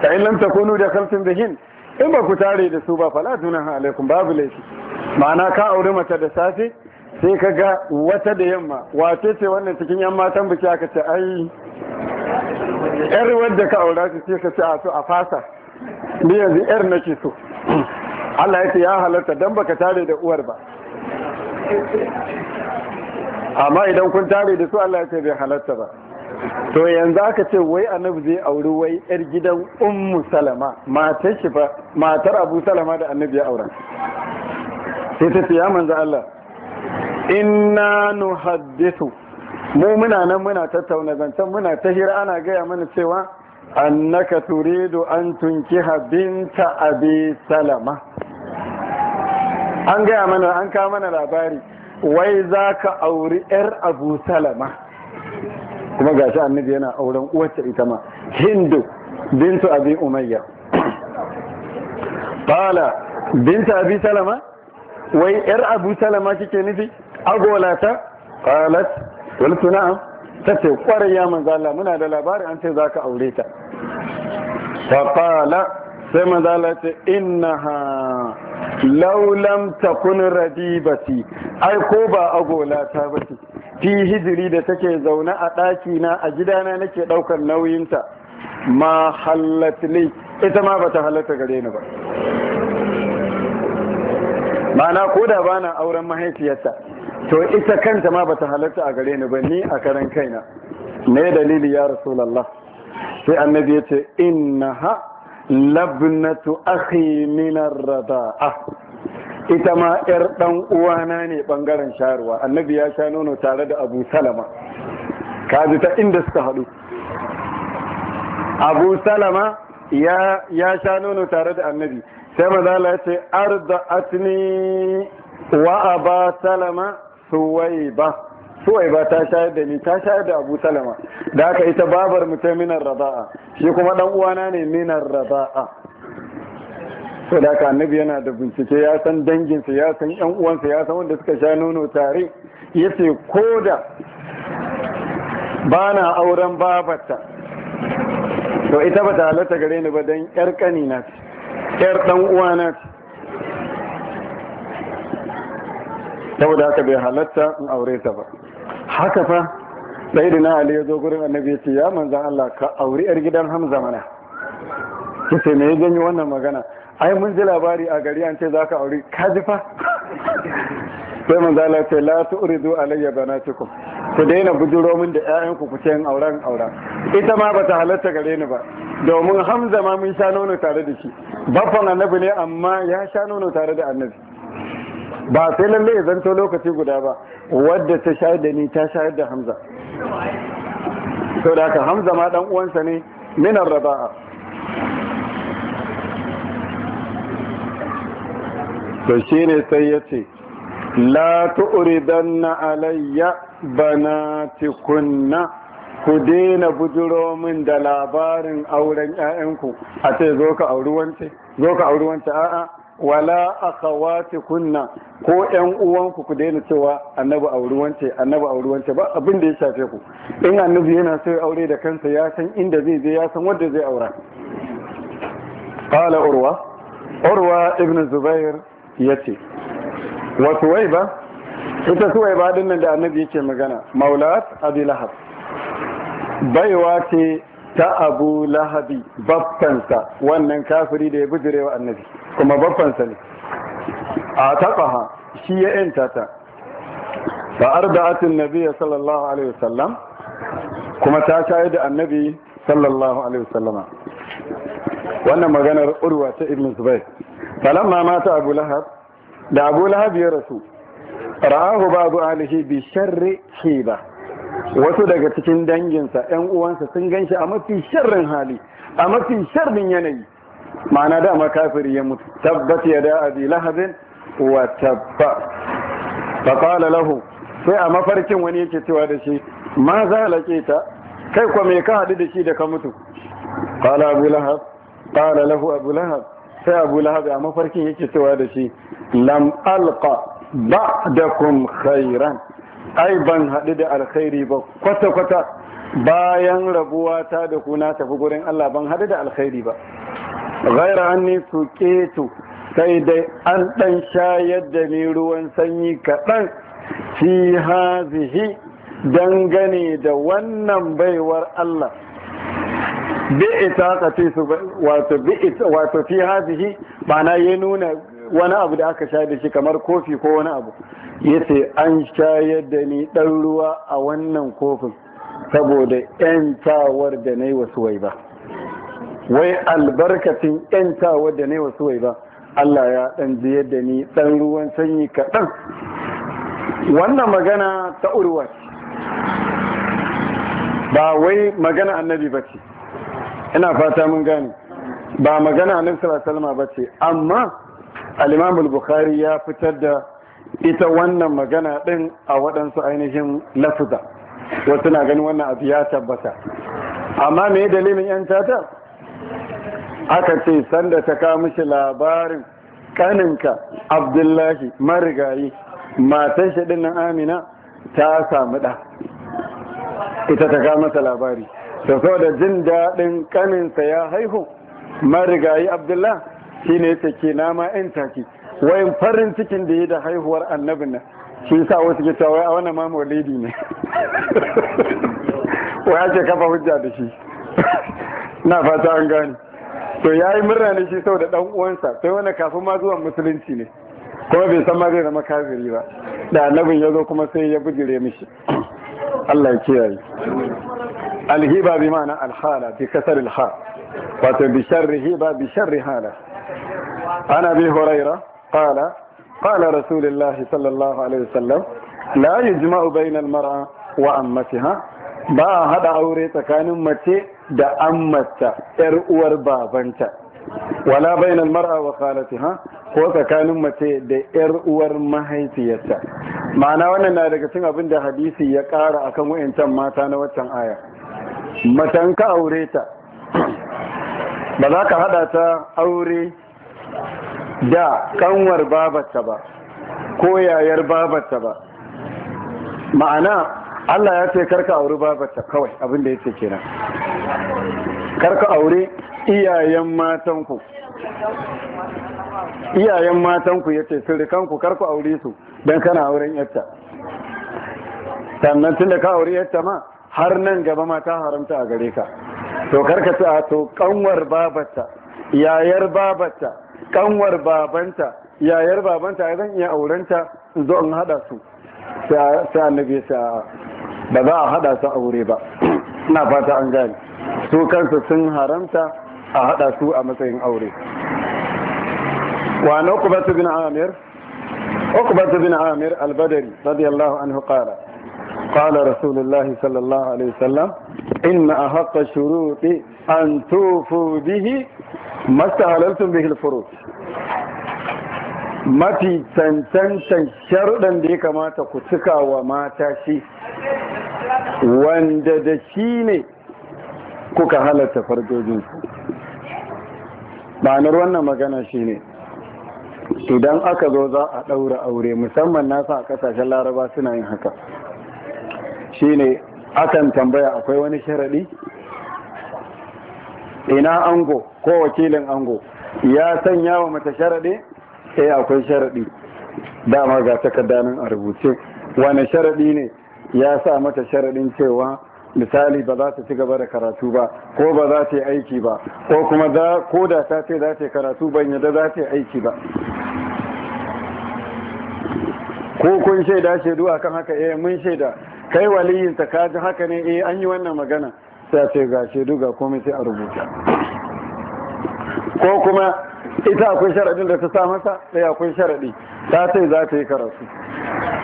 ta in lam takunu dakhaltum bihin in ba ku tare da su ba fala dunaha alaikum babu laifi ma'ana ka auri mata da safe sai ka ga wata da yamma wace ce wannan cikin yan matan biki aka ce ai yar wadda ka aura ta sai ka ce a so a fasa ni yanzu yar nake so Allah ya ce ya halarta dan baka tare da uwar ba amma idan kun tare da su Allah ya ce bai halatta ba to yanzu aka ce wai annabi zai auri wai yar gidan ummu salama matar shi fa matar abu salama da annabi ya aura sai ta manzo Allah inna nuhaddithu mu muna nan muna tattauna zancen muna ta hira ana gaya mana cewa annaka turidu an tunkiha binta abi salama an gaya mana an kawo mana labari wai za ka auri 'yar abu salama kuma ga shi annabi yana auren wacce ita ma hindu bintu abi umayya bala bintu abi salama wai 'yar abu salama kike nufi agolata qalat wani suna'am ta ce kwarai manzo muna da labari an ce za ka aure ta ta qala sai mazala ce ha laulam ta radi radibati ai ko ba agola ta bace fi hijiri da take zaune a ɗaki na a gidana nake ɗaukar nauyinta ma hallatli ita ma bata halatta gare ni ba mana ko da na auren mahaifiyarta to ita kanta ma bata halatta a gare ni ba ni a karan kaina ne dalili ya rasu rasulullah sai annabi ya ce ha. labnatu akhi min ar-rada'a ah, ita ma yar dan uwana ne bangaren sharuwa annabi ya sha nono tare da Abu Salama kaji ta inda suka hadu Abu Salama ya ya sha nono tare da annabi sai mazala ya ce arda'atni wa aba salama suwaiba suwai ba ta shayar da ni ta shayar da abu salama da aka ita babar mutum ta minar raba'a shi kuma dan uwana ne minar raba'a to da aka annabi yana da bincike ya san danginsa ya san yan uwansa ya san wanda suka sha nono tare yace ba bana auren babarta to ita ba ta halatta gare ni ba dan yar kanina yar dan uwana ce saboda haka bai halatta in aure ta ba haka fa sai da na ali ya zo gurin annabi ya ce ya manzan Allah ka auri yar gidan Hamza mana ya ce me ya ganyi wannan magana ai mun ji labari a gari an ce za ka auri ka ji fa sai manzan Allah ce la uridu alayya banatukum ku daina bujuro min da ƴaƴanku ku ce auren auren ita ma bata halarta gare ni ba domin Hamza ma mun sha nono tare da shi baffan annabi ne amma ya sha nono tare da annabi ba sai lalle ya zanto lokaci guda ba wadda ta shayar da ni ta shayar da hamza sau da aka hamza ma dan uwansa ne minar raba'a to shi ne sai ya ce la don na alayya banatikunna ku dina bujiro min da labarin auren 'ya'yanku a ce zo ka auri zo ka auruwance a'a wala akhawati kunna ko ƴan uwanku ku daina cewa annabi auri wance annabi auri wance ba abin da ya shafe ku in annabi yana so ya aure da kansa ya san inda zai je ya san wanda zai aura qala urwa urwa ibn zubair yace wa suwaiba ita suwaiba din nan da annabi yake magana maulat abi lahab baiwa ce ta abu lahabi babkansa wannan kafiri da ya bijirewa annabi kuma babbansa ne a taƙaha shi ya yanta ta ba arba'atin nabiya sallallahu alaihi wasallam kuma ta shayar da annabi sallallahu alaihi wasallama wannan maganar urwa ta Ibnu zubair falamma mata abu lahab da abu lahab ya rasu ra'ahu babu alihi bi sharri hiba wasu daga cikin danginsa 'yan uwansa sun ganshi a mafi sharrin hali a mafi sharrin yanayi ma'ana ma kafiri ya mutu tabbat ya da abi lahabin wa tabba fa qala lahu sai a mafarkin wani yake cewa da shi ma za lake ta kai kwa me ka hadu da shi da ka mutu qala abu lahab qala lahu abu lahab sai abu lahab a mafarkin yake cewa da shi lam alqa ba'dakum khairan ai ban hadu da alkhairi ba kwata kwata bayan rabuwa ta da ku na tafi gurin Allah ban hadu da alkhairi ba ghaira su ketu sai dai an ɗan shayar da ni ruwan sanyi kaɗan fi hazihi dangane da wannan baiwar Allah bi itaqati wato bi wato fi hazihi ba na ya nuna wani abu da aka sha da shi kamar kofi ko wani abu yace an shayar da ni dan ruwa a wannan kofin saboda 'yan 'yantawar da na yi wasu wai ba wai albarkacin yantawa da ne wasu wai ba Allah ya ɗan jiyar da ni ɗan ruwan sanyi kaɗan wannan magana ta urwa ba wai magana annabi ba ce ina fata mun gane ba magana annabi salama ba ce amma alimamul bukhari ya fitar da ita wannan magana ɗin a waɗansu ainihin lafuza wasu na ganin wannan abu ya tabbata amma me dalilin yan tata aka ce sanda ta ka mishi labarin kaninka abdullahi marigayi matan shi dinnan amina ta samu ɗa ita ta ka masa labari da da jin daɗin kaninsa ya haihu marigayi abdullahi shi ne ta ke nama 'yan taki wayan farin cikin da yi da haihuwar annabin nan shi sa wasu ke cewa a wani mamu maulidi ne wai ake kafa hujja da shi na fata an gani to yi murna ne shi saboda dan uwansa sai wani kafin ma zuwan musulunci ne kuma bai san ma zai zama kafiri ba da annabin ya zo kuma sai ya bujire mishi Allah ya kiyaye alhiba bi ma'ana alhala bi kasar alha wato bi sharri hiba bi sharri hala ana bi huraira qala qala rasulullahi sallallahu alaihi wasallam la yujma'u bayna almar'a wa ammatiha ba hada aure tsakanin mace da ammarta ‘yar uwar babanta wala bainal mar'a wa ha? ko tsakanin mace da ‘yar uwar mahaifiyarta ma'ana wannan na daga cin abin da hadisi ya ƙara akan wa'incan mata na waccan aya matan ka aure ta ba za ka haɗa ta aure da kanwar babarta ba ko yayar babarta ba ma'ana Allah ya ce karka auri babarta kawai abin da ya ce kenan karka aure iyayen matanku iyayen matanku ya ce sirikanku karku aure su don kana auren yadda sannan tun da ka aure yadda ma har nan gaba ma ta haramta a gare ka to karka ta to kanwar babata yayar babata kanwar babanta yayar babanta ya zan iya aurenta zo in hada su sai annabi sa ba za a hada su aure ba ina fata an gani. su kansu sun haramta a hada su a matsayin aure wane uku batu bin amir uku bin amir albadari radiyallahu anhu qala qala rasulullahi sallallahu alaihi sallam. wasallam a ahqqa shuruɗi an tufu bihi Masta halartun bihi alfurus mati tantantan sharudan da ya kamata ku cika wa mata shi wanda da shi ne kuka halatta farjojinsu ma'anar wannan magana shine idan aka zo za a ɗaura aure musamman nasa a ƙasashen laraba suna yin haka shine akan tambaya akwai wani sharaɗi ina ango ko wakilin ango ya sanya wa mata sharaɗi eh akwai sharaɗi dama ga takardanin a rubuce wani sharaɗi ne ya sa mata sharaɗin cewa misali ba za ta ci gaba da karatu ba ko ba za ta yi aiki ba ko kuma da ko da ta ce za ta yi karatu ban yadda za ta yi aiki ba ko kun shaida shaidu akan haka eh mun shaida kai waliyin ta ji haka ne eh an yi wannan magana sai ce ga shaidu ga komai sai a rubuta ko kuma ita akwai sharaɗin da ta sa masa sai eh, akwai sharaɗi ta ce za ta yi karatu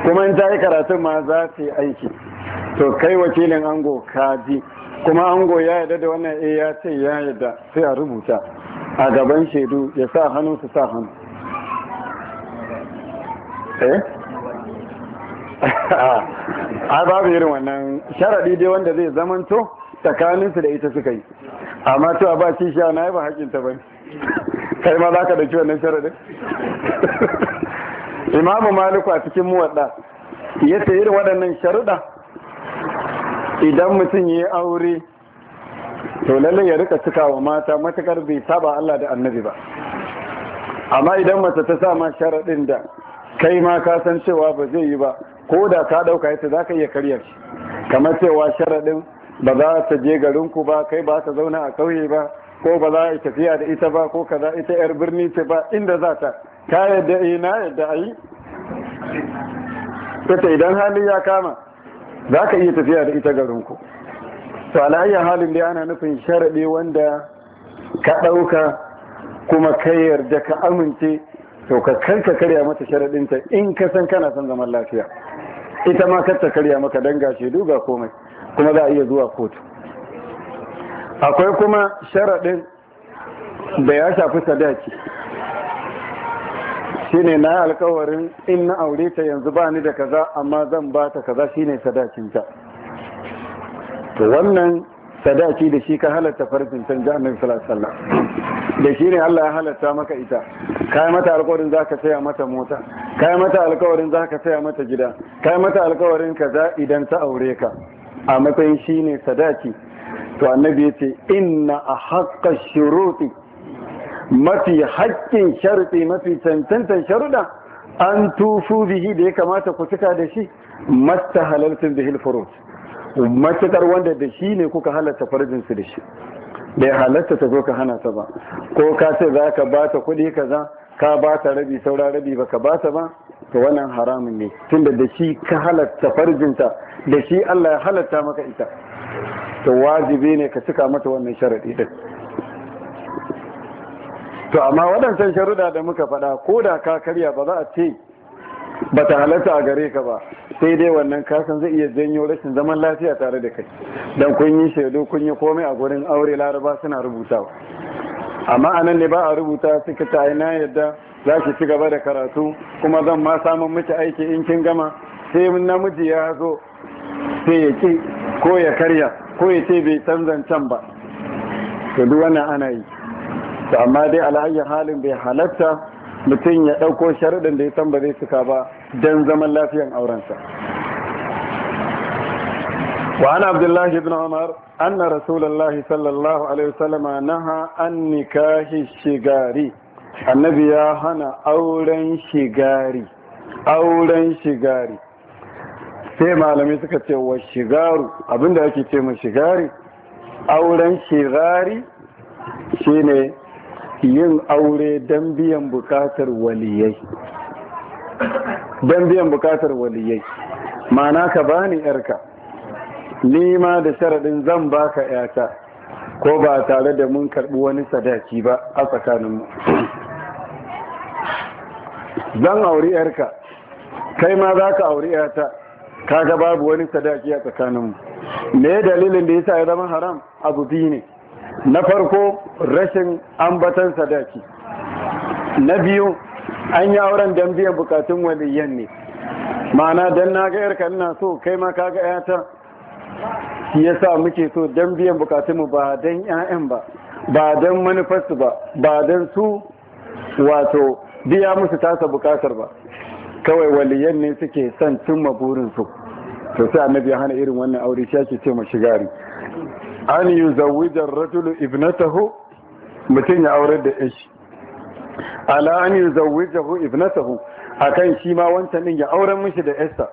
kuma in ta yi karatun ma za ta yi aiki to kai wakilin ango ka kuma ango ya yarda da wannan eh ya ce ya yarda sai a rubuta a gaban shaidu ya sa hannu su sa hannu eh a babu irin wannan sharaɗi dai wanda zai zamanto tsakaninsu da ita suka yi amma to a ba shi sha na yi ba ne, ba kai ma za ka ɗauki wannan sharaɗi? imamu maliku a cikin muwaɗa ya ce irin waɗannan sharuɗa idan mutum ya aure to lalle ya rika cika wa mata matakar bai saba Allah da annabi ba amma idan mace ta sa ma sharaɗin da kai ma ka san cewa ba zai yi ba ko da ka ɗauka yadda za ka iya karyar shi kamar cewa sharaɗin ba za ta je garinku ba kai ba ta zauna a ƙauye ba ko ba za a tafiya da ita ba ko kaza ita yar birni ce ba inda za ta ka yadda ina eh, yadda a yi idan hali ya kama za ka iya tafiya da ita garinku to ala'ayyar halin da ana nufin sharaɗe wanda ka ɗauka kuma ka yarda ka amince to ka karka karya mata sharaɗinta in ka san kana son zaman lafiya ita ma kar karya maka dan gashi duga komai kuma za a iya zuwa kotu akwai kuma sharaɗin da ya shafi sadaki shine na alkawarin in na aure ta yanzu ba ni da kaza amma zan ba ta kaza shine sadakinta to wannan sadaki da shi ka halatta farcin can ji salatu sallallahu da shi ne Allah ya halatta maka ita kai mata alƙawarin zaka saya mata mota kai mata alƙawarin zaka saya mata gida kai mata alƙawarin kaza idan ta aure ka a matsayin shi ne sadaki to annabi yace inna ahqqa shuruti mafi haƙƙin sharɗi mafi cancantan sharuɗa an tufu bihi da ya kamata ku cika da shi masta halartar da furut matuƙar wanda da shi ne kuka halatta farjinsu da shi bai halatta ta zo ka hana ta ba ko ka ce za ka ba ta kuɗi kaza ka ba ta rabi saura rabi ba ka ba ta ba to wannan haramun ne tunda da shi ka halatta farjinta da shi Allah ya halarta maka ita to wajibi ne ka cika mata wannan sharaɗi din to amma waɗancan sharuɗa da muka faɗa ko da ka karya ba za a ce ba ta halatta a gare ka ba sai dai wannan kasan zai iya janyo rashin zaman lafiya tare da kai don kun yi shaidu kun yi komai a gurin aure laraba suna rubutawa amma nan ne ba a rubuta suka ta na yadda za ki ci gaba da karatu kuma zan ma samun miki aiki in kin gama sai namiji ya zo sai ya ki ko ya karya ko ya ce bai canzan can ba to duk wannan ana yi to amma dai alayyar halin bai halatta mutum ya ɗauko sharaɗin da ya san ba zai suka ba don zaman lafiyan aurensa wa ana abdullahi ibn umar anna rasulullahi sallallahu alaihi wasallama naha an nikahi shigari annabi ya hana auren shigari auren shigari sai malami suka ce wa shigaru abinda ake ce mu shigari auren shigari shine yin aure don biyan bukatar waliyai don biyan bukatar waliyai mana ka bani yarka ni ma da sharaɗin zan baka yata ko ba tare da mun karɓi wani sadaki ba a tsakaninmu zan auri yarka kai ma za ka auri yata kaga babu wani sadaki a tsakanin mu me dalilin da yasa ya zama haram abu biyu ne na farko rashin ambatan sadaki na biyu an yi auren don biyan bukatun waliyan ne mana don na ga yarka ina so kai ma ka ga yata ya sa muke so don biyan bukatunmu ba don 'ya'yan ba ba don manifestu ba ba don su wato biya musu tasa bukatar ba kawai waliyan ne suke son cimma burinsu sosai sai annabi ya hana irin wannan aure shi ake ce ma shigari an yi zawijar rajulu ibnatahu mutum ya aure da shi ala an yi zawijahu ibnatahu akan shi ma wancan ɗin ya auren mishi da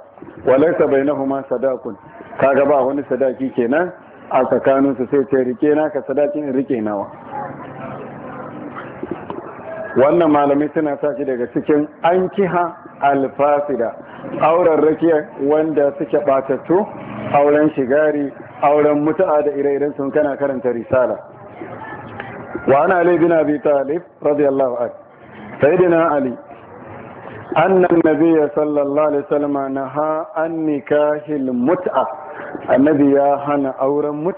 bai na huma sadakun kaga ba wani sadaki kenan a tsakanin su sai ce rike na ka sadakin rike nawa wannan malamai suna sashi daga cikin an kiha alfasida auren rakiya wanda suke batattu auren shigari auren mutu'a da ire-iren sun kana karanta risala wa ana ali bin abi talib radiyallahu anhu sayyidina ali alaihi النبي na ha عليه وسلم نهى annabi ya hana auren يا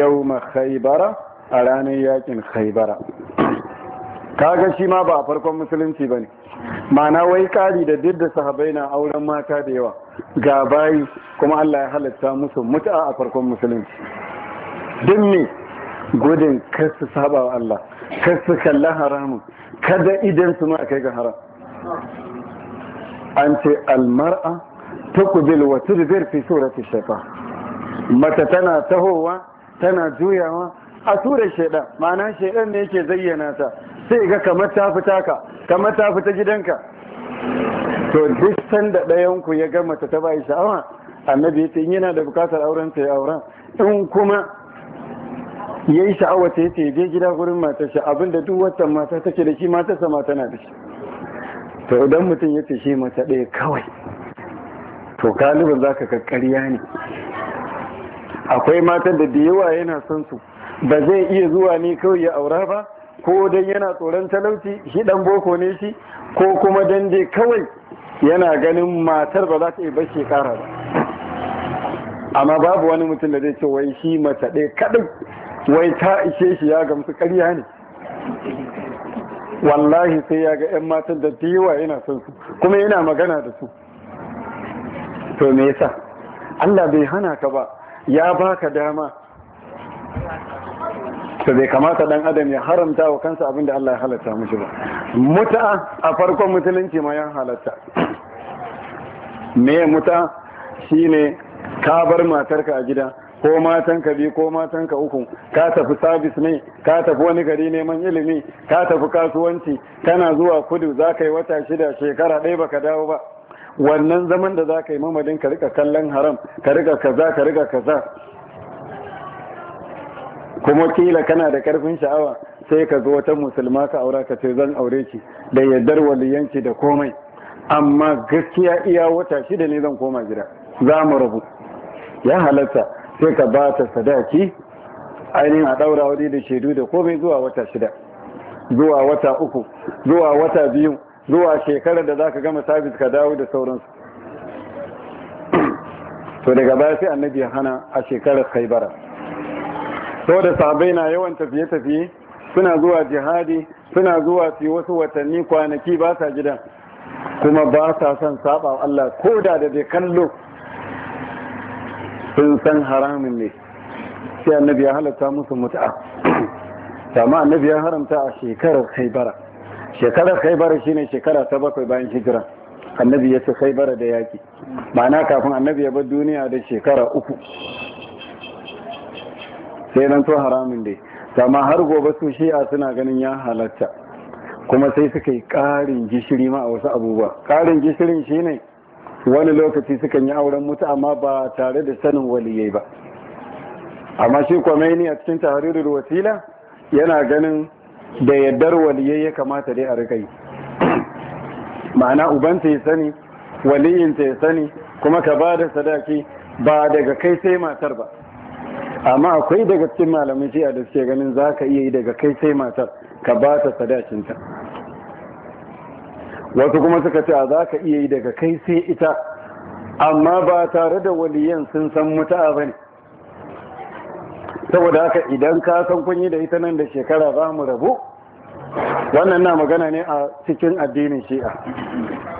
yau ma متعة a ranar أراني ياكن Ka kaga shi ma ba a farkon musulunci ba ne ma'ana wai kari da didda da sahabai na auren mata da yawa ga bayi kuma Allah ya halatta musu mutu'a a farkon musulunci din ne gudun kasu saba wa Allah kasu kalla haramun kada idan su ma kai ga haram an ce almar'a ta takbil wa tudbir fi surati shafa. mata tana tahowa tana juyawa a surar shaidan ma'ana shaidan ne yake zayyana ta sai ga kamar ta fita ka kamar ta fita gidanka to duk sanda ɗayan ku ya gama ta bai sha'awa annabi ya ce yana da bukatar auren ta ya auren in kuma ya yi sha'awa ta ce je gida gurin matar shi abinda duk wata mata take da shi matar sama tana da shi to idan mutum ya ce shi mata ɗaya kawai to galibin za ka ƙarya ne akwai matan da da yawa yana son su ba zai iya zuwa ne kawai ya aura ba ko dan yana tsoron talauci shi dan boko ne shi ko kuma dan dai kawai yana ganin matar ba za ta yi bashi kara ba amma babu wani mutum da zai ce wai shi mace ɗaya kaɗin wai ta ishe shi ya gamsu ƙarya ne wallahi sai ya ga 'yan matan da yawa yana son su kuma yana magana da su to me yasa Allah bai hana ka ba ya baka dama to bai kamata dan adam ya haramta wa kansa abinda Allah ya halatta mushi ba muta a farkon musulunci ma ya halatta me muta shine ka bar matarka a gida ko matan ka biyu ko matan ka uku ka tafi sabis ne ka tafi wani gari neman ilimi ka tafi kasuwanci kana zuwa kudu za ka yi wata shida shekara ɗaya baka dawo ba wannan zaman da za ka yi mamadin ka rika kallon haram ka rika kaza ka rika kaza kuma kila kana da karfin sha'awa sai ka zo wata musulma ka aura ka ce zan aure ki da yardar waliyanci da komai amma gaskiya iya wata shida ne zan koma gida za mu rabu ya halatta sai ka ba ta sadaki ainihin a daura wani da shaidu da komai zuwa wata shida zuwa wata uku zuwa wata biyu zuwa shekarar da za ka gama sabis ka dawo da sauransu to daga baya sai annabi hana a shekarar khaibara da sabai na yawan tafiye-tafiye suna zuwa jihadi suna zuwa su wasu watanni kwanaki ba sa gidan kuma ba sa son saba Allah ko da da bai kallo sun san haramin ne sai annabi ya halatta musu mut'a amma annabi ya haramta a shekarar haibara. shekarar khaibara shine shekara ta bakwai bayan hijira annabi ya ce da yaki ma'ana kafin annabi ya bar duniya da shekara uku sai nan to haramin dai amma har gobe su shi'a suna ganin ya halatta kuma sai suka yi ƙarin gishiri ma a wasu abubuwa ƙarin gishirin ne wani lokaci sukan yi auren mutu amma ba tare da sanin waliyai ba amma shi ne a cikin tarihin wasila yana ganin da yaddar waliyai ya kamata dai a rika yi ma'ana ubanta ya sani waliyinta ya sani kuma ka ba da sadaki ba daga kai sai matar ba amma akwai daga cikin malamai shi'a da suke ganin za ka iya yi daga kai sai matar ka ba ta sadakinta wasu kuma suka ce za ka iya yi daga kai sai ita amma ba tare da waliyan sun san mutu'a ba ne saboda haka idan ka san kun da ita nan da shekara za mu rabu wannan na magana ne a cikin addinin shi'a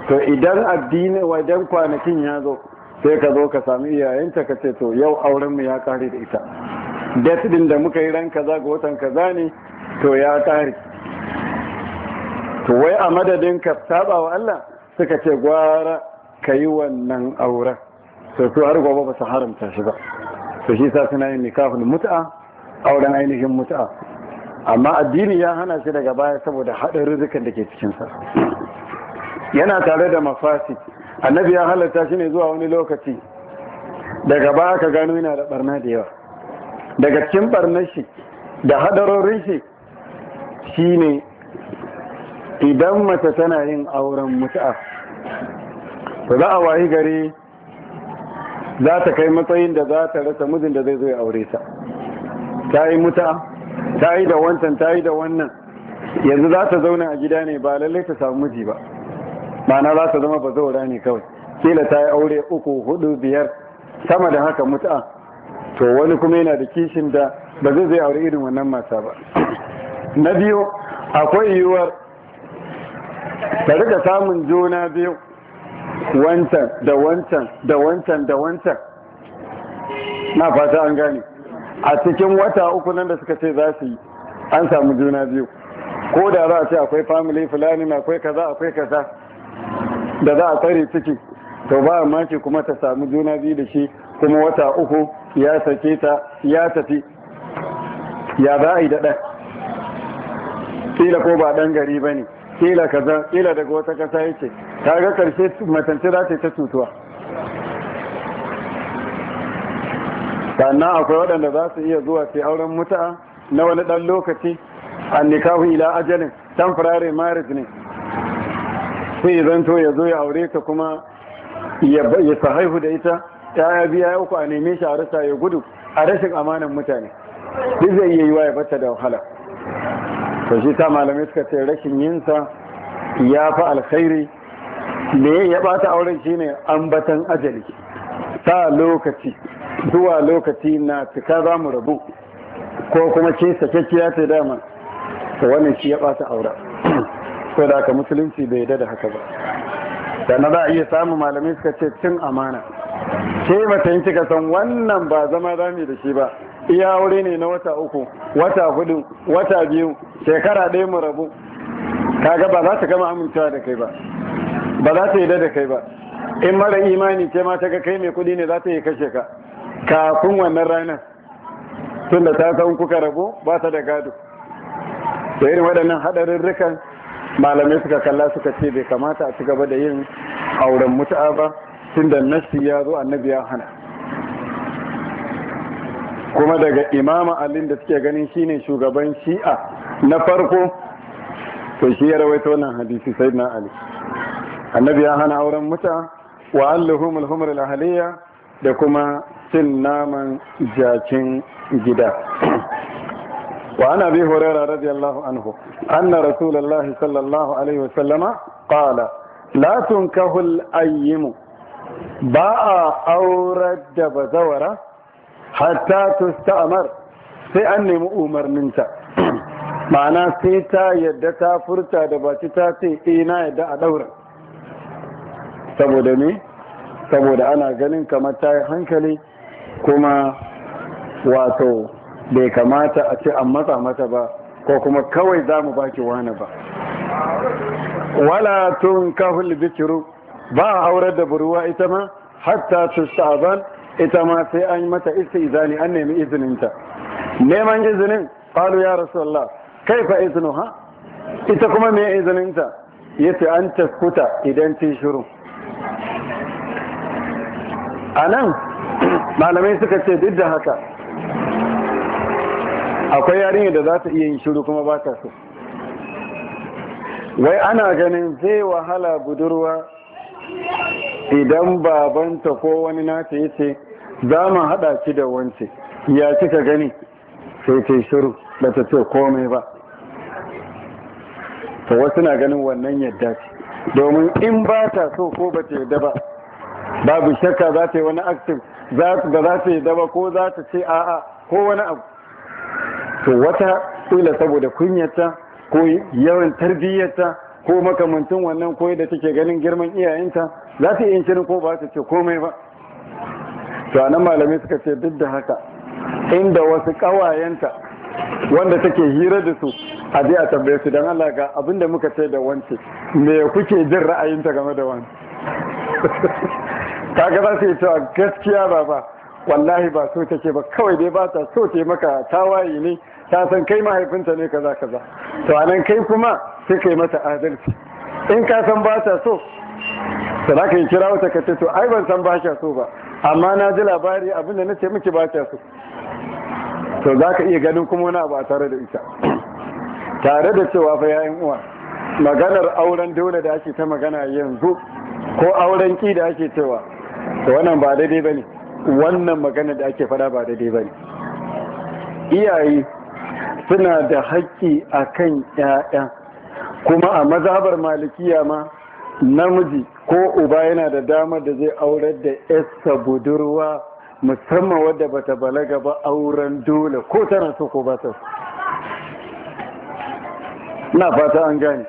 to idan addini wajen kwanakin ya zo sai ka zo ka sami iyayenta ka ce to yau aurenmu ya kare da ita date din da muka yi ran kaza ga watan kaza ne to ya tare to wai a madadin ka saba wa Allah suka ce gwara ka yi wannan auren to su har gobe ba su haramta shi ba to shi sa suna yin nikahun mut'a auren ainihin mut'a amma addini ya hana shi daga baya saboda haɗin rizikan da ke cikinsa yana tare da mafasid annabi ya halatta shi ne zuwa wani lokaci daga ba aka gano yana da barna da yawa daga cikin barnar shi da hadarorin shi shi ne. idan mace tana yin auren mutu'a to za a wayi gari za ta kai matsayin da za ta rasa mijin da zai zo ya aure ta ta yi mutu'a ta yi da wancan ta yi da wannan yanzu za ta zauna a gida ne ba lallai ta samu miji ba Mana za ta zama bazawara ne kawai kila ta yi aure uku hudu biyar sama da haka mutu'a, to wani kuma yana da kishin da ba zai zai aure irin wannan mata ba na biyu akwai yiwuwar ta rika samun juna biyu wancan da wancan da wancan da wancan na fata an gane a cikin wata uku nan da suka ce za su yi an samu juna biyu ko da za a ce akwai family fulani akwai kaza akwai kaza da za a tsare ciki to ba maki kuma ta samu juna biyu da shi kuma wata uku ya sake ta ya tafi ya za a yi da ɗan kila ko ba ɗan gari ba ne kila kaza kila daga wata kasa yake ta ga ƙarshe matanci za ta ta cutuwa sannan akwai waɗanda za su iya zuwa sai auren mutu'a na wani ɗan lokaci an nikahu ila ajalin temporary marriage ne sai zan to ya zo ya aure ta kuma ya haihu da ita ya biya ya uku a neme shi a rasa ya gudu a rashin amanan mutane duk zai iya yi wa ya bata da wahala to shi ta malamai suka ce rashin yinsa ya fi alkhairi me ya bata auren shine ambatan ajali ta lokaci zuwa lokaci na cika za mu rabu ko kuma ce sakakkiya ta dama to wannan shi ya bata auren sai da aka musulunci bai yadda da haka ba sannan za a iya samu malamai suka ce cin amana ke mata yin kika san wannan ba zama rami da shi ba iya wuri ne na wata uku wata hudu wata biyu shekara ɗaya mu rabu kaga ba za ta gama amincewa da kai ba ba za ta yadda da kai ba in mara imani ce ma ta ga kai mai kudi ne za ta yi kashe ka kafin wannan ranar tunda ta san kuka rabu ba ta da gado da irin waɗannan haɗarin rikan malamai suka kalla suka ce bai kamata a ci gaba da yin auren mutu'a ba tun tunda nasi ya zo annabi ya hana kuma daga imama alin da suke ganin shine shugaban shi'a na farko to shi ya rawaita wannan hadisi sai na ali annabi ya hana auren muta wa alluhum al alahliya da kuma cin naman jakin gida وعن أبي هريرة رضي الله عنه أن رسول الله صلى الله عليه وسلم قال لا تنكه الأيم باء أورد بزورة حتى تستأمر سأني مؤمر منك معنى سيتا يدتا فرتا دباتتا سيئنا da دورا ta ce eh na yadda a daura saboda ne saboda ana ganin kamar ta hankali kuma wato bai kamata a ce an matsa mata ba ko kuma kawai za mu baki wani ba wala tun kafin bikiru ba a aurar da buruwa ita ma hatta su saban ita ma sai an yi mata izani an nemi izininta neman izinin Falu ya rasu kai fa izinu ha? ita kuma me izininta Ya ce an taskuta idan shuru. A nan, malamai suka ce duk da haka akwai yarinya da za ta iya yin shiru kuma ba ta so wai ana ganin zai wahala budurwa idan babanta ko wani nata ya ce za mu haɗa ki da wance ya kika gani sai ta shiru da ta ce komai ba to wasu na ganin wannan yadda ce domin in ba ta so ko ba ta yadda ba babu shakka za ta yi wani active da za ta yadda ba ko za ta ce a'a ko wani abu to wata kila saboda kunyata ko yawan tarbiyyata ko makamantin wannan koyi da take ganin girman iyayenta za ta yi shirin ko ba ta ce komai ba to anan malamai suka ce duk da haka inda wasu kawayenta wanda take hira da su a a tambaye su don Allah ga abin da muka ce da wance me kuke jin ra'ayinta game da wani ga za su yi cewa gaskiya ba ba wallahi ba so take ba kawai dai ba ta so ta maka tawaye ne ta san kai mahaifinta ne kaza kaza to anan kai kuma sai kai mata adalci in ka san ba ta so to za ka yi kira wata ka ce to ai ban san ba ta so ba amma na ji labari abinda na ce miki ba ta so to za ka iya ganin kuma wani abu a tare da ita tare da cewa fa yayin uwa maganar auren dole da ake ta magana yanzu ko auren ki da ake cewa to wannan ba daidai bane wannan magana da ake fada ba daidai bane iyaye suna da haƙƙi a kan ‘ya'ya kuma a mazabar malikiya ma namiji ko uba yana da damar da zai aurar da ‘yarsa budurwa musamman wadda bata balaga ba auren dole ko tana so ko ba ta na fata an gane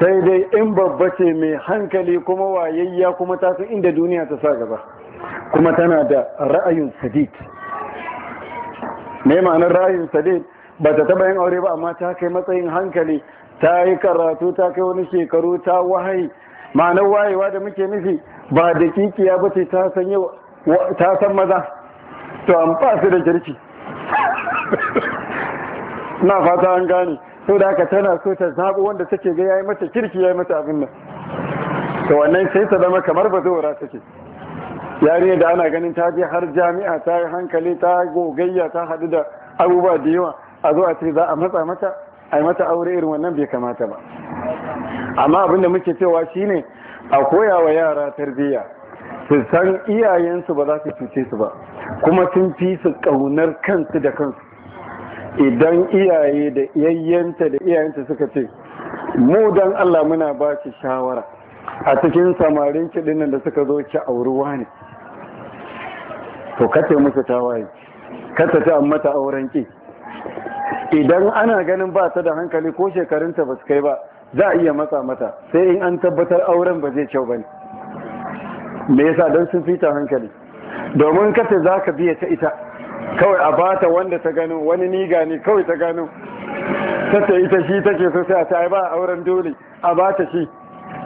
sai dai in babba ce mai hankali kuma wayayya kuma ta san inda duniya ta sa gaba kuma tana da ra'ayin sadiq, mai ma'anar ra'ayin sadiq. ba ta taba yin aure ba amma ta kai matsayin hankali ta yi karatu ta kai wani shekaru ta wahayi ma'anar wayewa da muke nufi ba da kikiya ba ce ta san maza to an ba su da kirki na fata an gane sau da haka tana so ta zaɓi wanda take ga yayi mata kirki yayi mata abin nan to wannan sai ta zama kamar ba zora take yare da ana ganin ta je har jami'a ta yi hankali ta gogayya ta haɗu da abubuwa da yawa a zo a ce za a matsa mata a yi mata aure irin wannan bai kamata ba amma abinda muke cewa shine a koya wa yara tarbiyya su san iyayensu ba za su cuce su ba kuma sun fi su ƙaunar kansu da kansu idan iyaye da yayyanta da iyayenta suka ce mu dan Allah muna ba shi shawara a cikin samarin kiɗin da suka zo ki auruwa ne to kace musu tawaye kace ta mata auren ki idan ana ganin ba ta da hankali ko shekarunta ba su kai ba za a iya matsa mata sai in an tabbatar auren ba zai kyau ba ne me yasa don sun fita hankali domin kace za ka biya ta ita kawai a bata wanda ta gano wani niga ne kawai ta gano ta ta ita shi ta so sai a ta ba auren dole a bata shi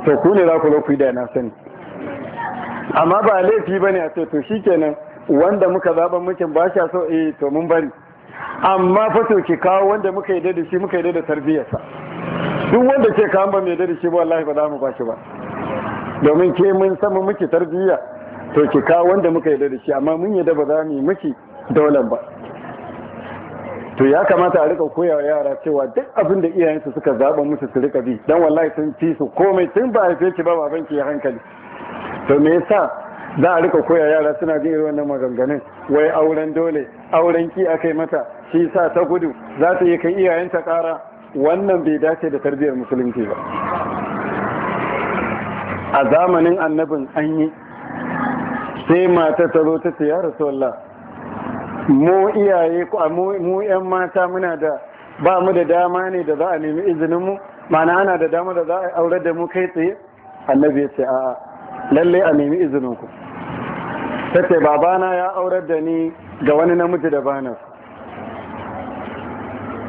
to ku ne za ku yi da na sani amma ba laifi ba ne a ce to shikenan wanda muka zaɓa mukin ba shi so eh to mun bari amma fato ki kawo wanda muka yi da shi muka yi da tarbiyyarsa duk wanda ke kawo ba mai da shi ba wallahi ba za mu bashi ba domin ke mun sama muke tarbiyya to ki kawo wanda muka yi da shi amma mun yi da ba za mu yi miki daulan ba to ya kamata a rika koyawa yara cewa duk abin da iyayensu suka zaba musu su rika bi dan wallahi sun fi su komai tun ba haife ki ba baban ki ya hankali to me yasa za a rika koya yara suna jin irin wannan maganganun wai auren dole auren ki aka yi mata shi sa ta gudu za ta yi kai iyayenta kara wannan bai dace da tarbiyyar musulunci ba a zamanin annabin an yi sai mata ta zo ta ce ya rasuwallah mu iyaye mu yan mata muna da ba mu da dama ne da za a nemi izinin mu mana ana da dama da za a aure da mu kai tsaye annabi ya ce a'a lallai a nemi izinin ku ta ce babana ya aurar da ni ga wani namiji da bana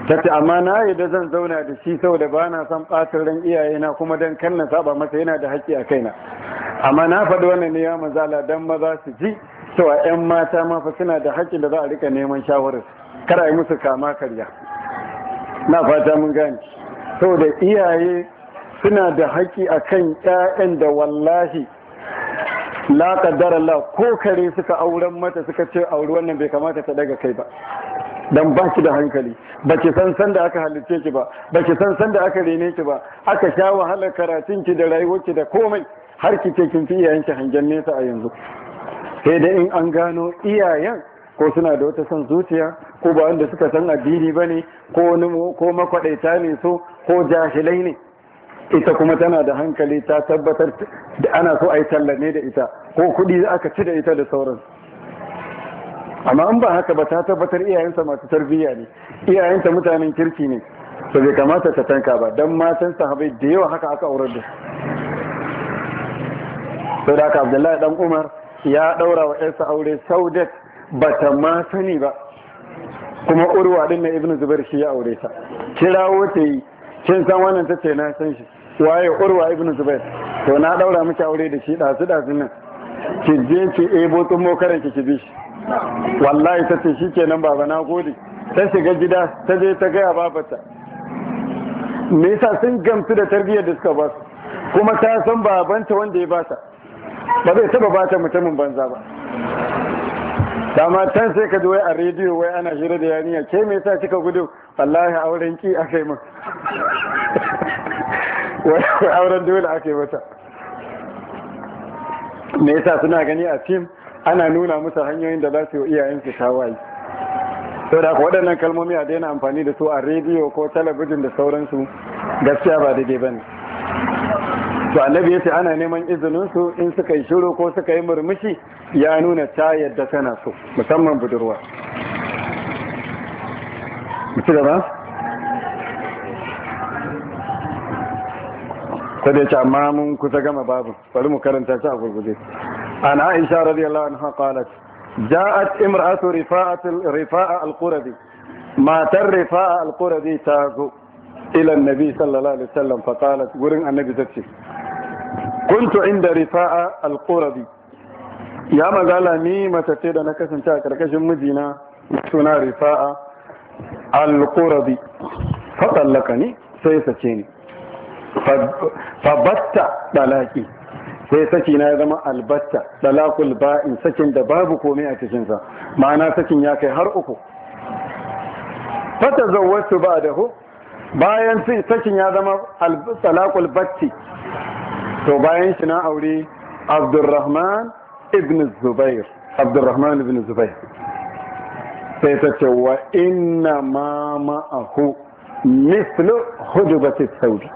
ta ce amma na yi da zan zauna da shi sau da bana san ɓatar ran na kuma don kan na saba masa yana da haƙƙi a kaina amma na faɗi wannan ne ya mazala don maza su ji cewa 'yan mata ma fa suna da haƙƙi da za a rika neman shawarar kar a yi musu kama karya na fata mun gane saboda iyaye suna da haƙƙi akan 'ya'yan da wallahi la kaddara Allah ko kare suka auren mata suka ce auri wannan bai kamata ta daga kai ba dan ba ki da hankali ba ki san san aka halice ki ba ba ki san sanda aka rene ki ba aka sha wahalar karatun ki da rayuwar ki da komai har ki ce kin fi iyayen ki hangen nesa a yanzu sai da in an gano iyayen ko suna da wata son zuciya ko ba wanda suka san addini bane ko ko makwadaita ne so ko jahilai ne ita kuma tana da hankali ta tabbatar da ana so a yi tallane da ita ko kuɗi aka ci da ita da sauran amma in ba haka ba ta tabbatar iyayensa masu tarbiyya ne Iyayensa mutanen kirki ne to bai kamata ta tanka ba don matan sahabai da yawa haka aka aurar da su da haka abdullahi dan umar ya ɗaura wa yarsa aure saudat ba ta ma sani ba kuma urwa din na ibnu zubair shi ya aure ta kirawo ta yi kin san wannan tace na san shi waye urwa ibnu zubair to na daura miki aure da shi dazu dazu nan ki je ki ebo tsummo ki bi shi wallahi ta ce shikenan baba na gode ta shiga gida ta je ta gaya babata me yasa sun gamsu da tarbiyyar da suka ba kuma ta san babanta wanda ya bata ba zai taba bata mutumin banza ba dama can sai ka wai a rediyo wai ana hira da yaniya ke me yasa kika gudu wallahi auren ki akai mun wani auren dole aka yi mata me yasa suna gani a fim ana nuna musu hanyoyin da za su yi iyayensu tawaye sau da waɗannan kalmomi a daina amfani da su a rediyo ko talabijin da sauransu gaskiya ba daidai ba ne to annabi ya ce ana neman izinin su in suka yi shiru ko suka yi murmushi ya nuna ta yadda tana so musamman budurwa. sai da ce amma mun kusa gama babu bari mu karanta shi a gurguje an aisha radiyallahu anha qalat ja'at imra'atu rifa'at rifa'a al-qurabi matar rifa'a al-qurabi ta zo ila annabi sallallahu alaihi wasallam fa qalat gurin annabi tace kuntu inda rifa'a al-qurabi ya magala ni mace ce da na kasance a karkashin mijina suna rifa'a al-qurabi fa tallaka ni sai sace ni fabatta dalaki sai saki na ya zama albatta dalakul ba'in sakin da babu komai a cikinsa ma'ana sakin ya kai har uku fata zawwatu ba da hu bayan sakin ya zama talakul batti to bayan shi na aure abdurrahman ibn zubair abdurrahman ibn zubair sai ta ce wa inna ma ma'ahu mislu hujubati saudi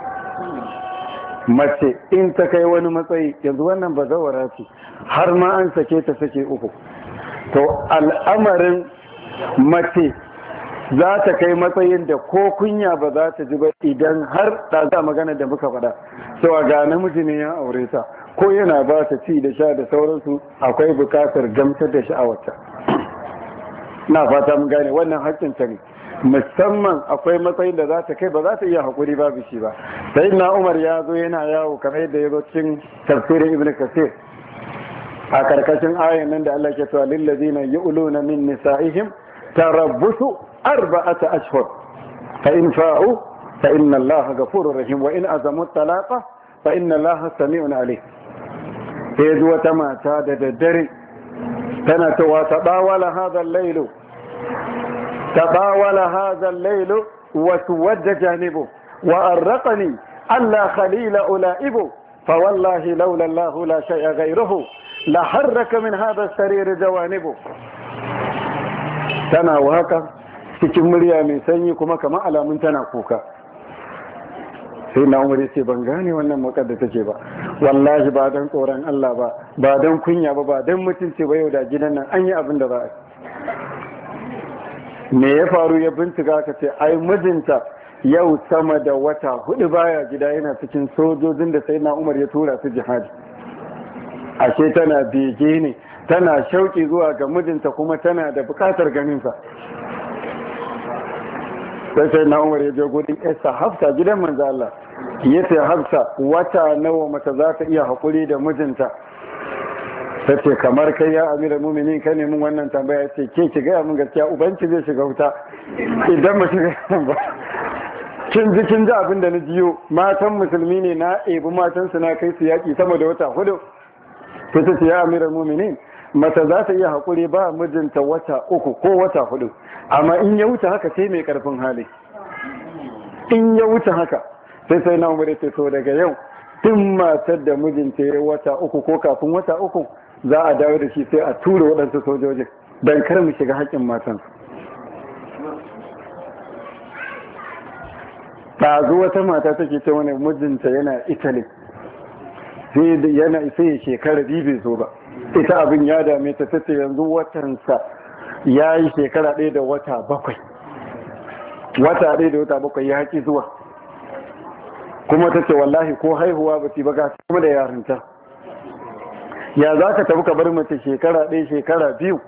mace in ta kai wani matsayi yanzu wannan ba zawara ce har ma an sake ta sake uku to al'amarin mace za ta kai matsayin da ko kunya ba za ta ji ba idan har ta za magana da muka faɗa cewa ga namiji ne ya aure ta ko yana ba ta ci da sha da sauransu akwai bukatar gamsar da sha'awarta na fata mun gane wannan haƙƙin ta ne musamman akwai matsayin da za ta kai ba za ta iya haƙuri babu shi ba sai na umar ya zo yana yawo kamar yadda ya zo cikin tafsirin ibn kasir a karkashin ayan nan da Allah ke cewa lillazina yu'luna min nisa'ihim tarabbusu arba'ata ashhur fa in fa'u fa inna Allah ghafurur rahim wa in azamu talaqa fa inna Allah sami'un alim sai ta mata da daddare tana ta wata dawala hadha al-lailu تطاول هذا الليل وسود جانبه وأرقني ألا خليل أولئبه فوالله لولا الله لا شيء غيره لحرك من هذا السرير جوانبه tana waka cikin murya mai sanyi kuma kamar alamun tana kuka sai na umar ce ban gane wannan makar da take ba wallahi ba don tsoron Allah ba ba don kunya ba ba don mutunci ba yau da gidan nan an yi abin da za a me ya faru ya bincika ka ce ai mijinta yau sama da wata hudu baya gida yana cikin sojojin da sai na umar ya tura su jihadi ashe tana bege ne tana shauki zuwa ga mijinta kuma tana da bukatar ganinsa sai sai na umar ya je gurin esa hafsa gidan manzo Allah ya ce hafsa wata nawa mata za ta iya haƙuri da mijinta ta ce kamar kai ya amira muminin ka ne mun wannan tambaya ce ke ki gaya mun gaskiya ubanci zai shiga wuta idan ba shiga ba kin ji kin ji abin da na jiyo matan musulmi ne na ebu matan su na kai su yaki sama da wata hudu ta ce ya amira muminin mata za ta iya hakuri ba mijinta wata uku ko wata hudu amma in ya wuce haka sai mai karfin hali in ya wuce haka sai sai na umar ce so daga yau tun matar da mijinta ya wata uku ko kafin wata uku za a dawo da shi sai a tura waɗansu sojojin don kar mu shiga haƙƙin matan ta zo wata mata take ce wani mijinta yana italy sai ya shekara biyu bai zo ba ita abin ya dame ta tace yanzu watansa ya yi shekara ɗaya da wata bakwai wata ɗaya da wata bakwai ya haƙi zuwa kuma ta ce wallahi ko haihuwa ba ci ba ga kuma da yarinta ya za ka tafi ka bar mace shekara ɗaya shekara biyu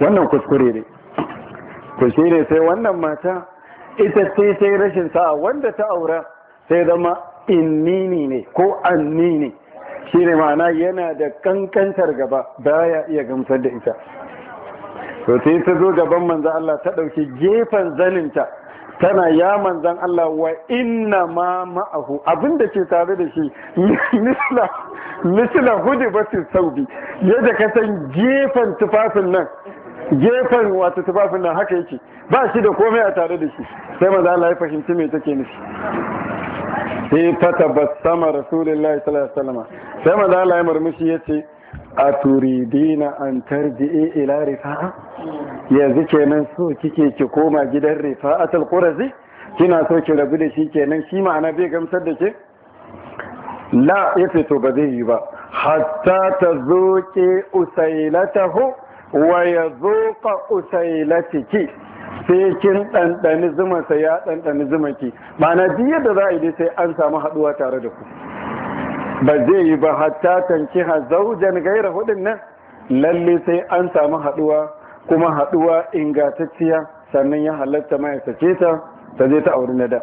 wannan kuskure ne ku ne sai wannan mata ita ce sai rashin sa'a wanda ta aura sai zama innini ne ko annini shi ne ma'ana yana da kankantar gaba baya iya gamsar da ita to sai ta zo gaban manzo Allah ta ɗauki gefen zaninta tana ya manzan Allah wa inna ma ma'ahu abinda ke tare da shi misla hudu ba su saubi yadda ka san gefen tufafin nan gefen wata tufafin nan haka yake ba shi da komai a tare da shi sai manzan Allah ya fahimci mai take nufi sai fata basama rasulullahi sallallahu alaihi wasallam sai manzan Allah ya murmushi yace aturidina an tarji'i ila rifa'a yanzu kenan so kike ki koma gidan rifa'atul qurazi kina so ki rabu da shi kenan shi ma'ana bai gamsar da ke la yace to ba zai yi ba hatta tazuqi usailatahu wa yazuqa usailatiki sai kin ɗanɗani zuma sai ya ɗanɗani zuma ki ma'ana duk da za a yi dai sai an samu haɗuwa tare da ku ba zai yi ba hatta tanki ha zaujan gaira hudun nan lalle sai an samu haduwa kuma haduwa ingantacciya sannan ya halatta ma ya sace ta ta je ta auri na da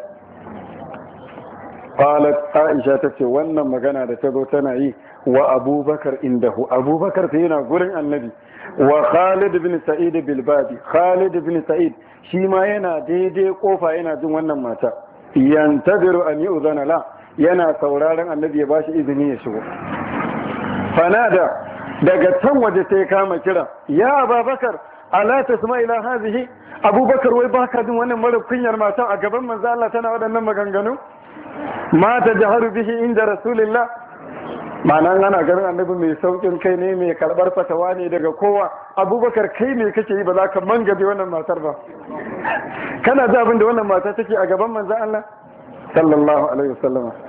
qalat aisha tace wannan magana da ta zo tana yi wa abubakar indahu abubakar sai yana gurin annabi wa khalid bin sa'id bilbabi khalid bin sa'id shi ma yana daidai kofa yana jin wannan mata yantadiru an yi la yana sauraron annabi ya bashi izini ya shigo fanada daga can waje sai kama kira ya Babakar, ala tasma ila hazihi abubakar wai baka jin wannan mara kunyar matan a gaban manzo Allah tana waɗannan maganganu ma ta jaharu bihi inda rasulillah ma'ana ana ganin annabi mai saukin kai ne mai karbar fatawa ne daga kowa abubakar kai ne kake yi ba za ka mangabe wannan matar ba kana ji abin da wannan mata take a gaban manzo Allah sallallahu alaihi wasallam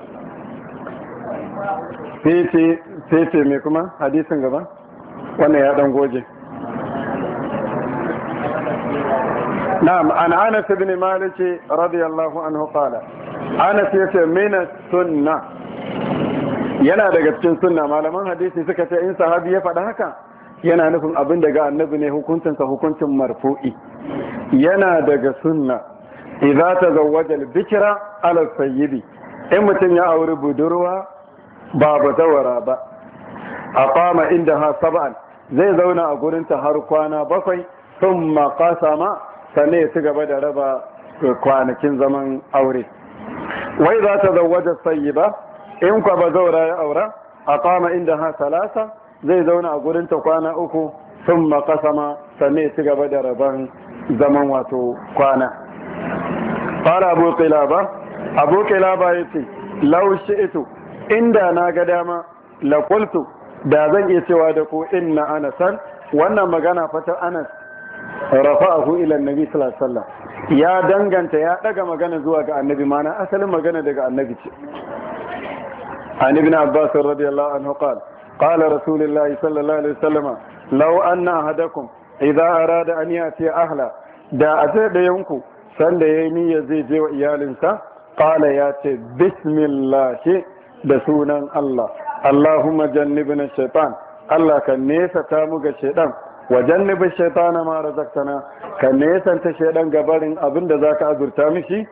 sai mai kuma hadisin gaba wannan ya dan goje na'am an anas ibn malik radiyallahu anhu qala anas yace min sunna yana daga cikin sunna malaman hadisi suka ce in sahabi ya faɗa haka yana nufin abin daga annabi ne hukuncinsa hukuncin marfu'i yana daga sunna idza tazawwaja al-bikra ala sayyidi in mutum ya auri budurwa ba ba ba a fama inda ha saba'an zai zauna a gurinta har kwana bakwai sun makasa ma sane su gaba da raba eh, kwanakin zaman aure wai za ta zawaja sayi ba in kwa ba zaura ya aura a fama inda ha salasa zai zauna a gurinta kwana uku sun makasa ma sane su gaba da raban zaman wato kwana fara abu ba, abu ba ya ce laushi ito inda na ga dama la da zan iya cewa da ku inna anasan wannan magana fata anas rafa'ahu ila annabi sallallahu alaihi wasallam ya danganta ya ɗaga magana zuwa ga annabi mana asalin magana daga annabi ce an ibn abbas radiyallahu anhu qala qala rasulullahi sallallahu alaihi wasallama law anna ahadakum idza arada an yati ahla da aje da yanku sanda yayi niyya zai je wa iyalinsa qala ya ce bismillah da sunan Allah Allahumma jannibna shaitan Allah ka nesa ta mu ga shaitan wa jannibi shaitana ma razaqtana ka nesanta shaitan ga barin abinda zaka azurta mishi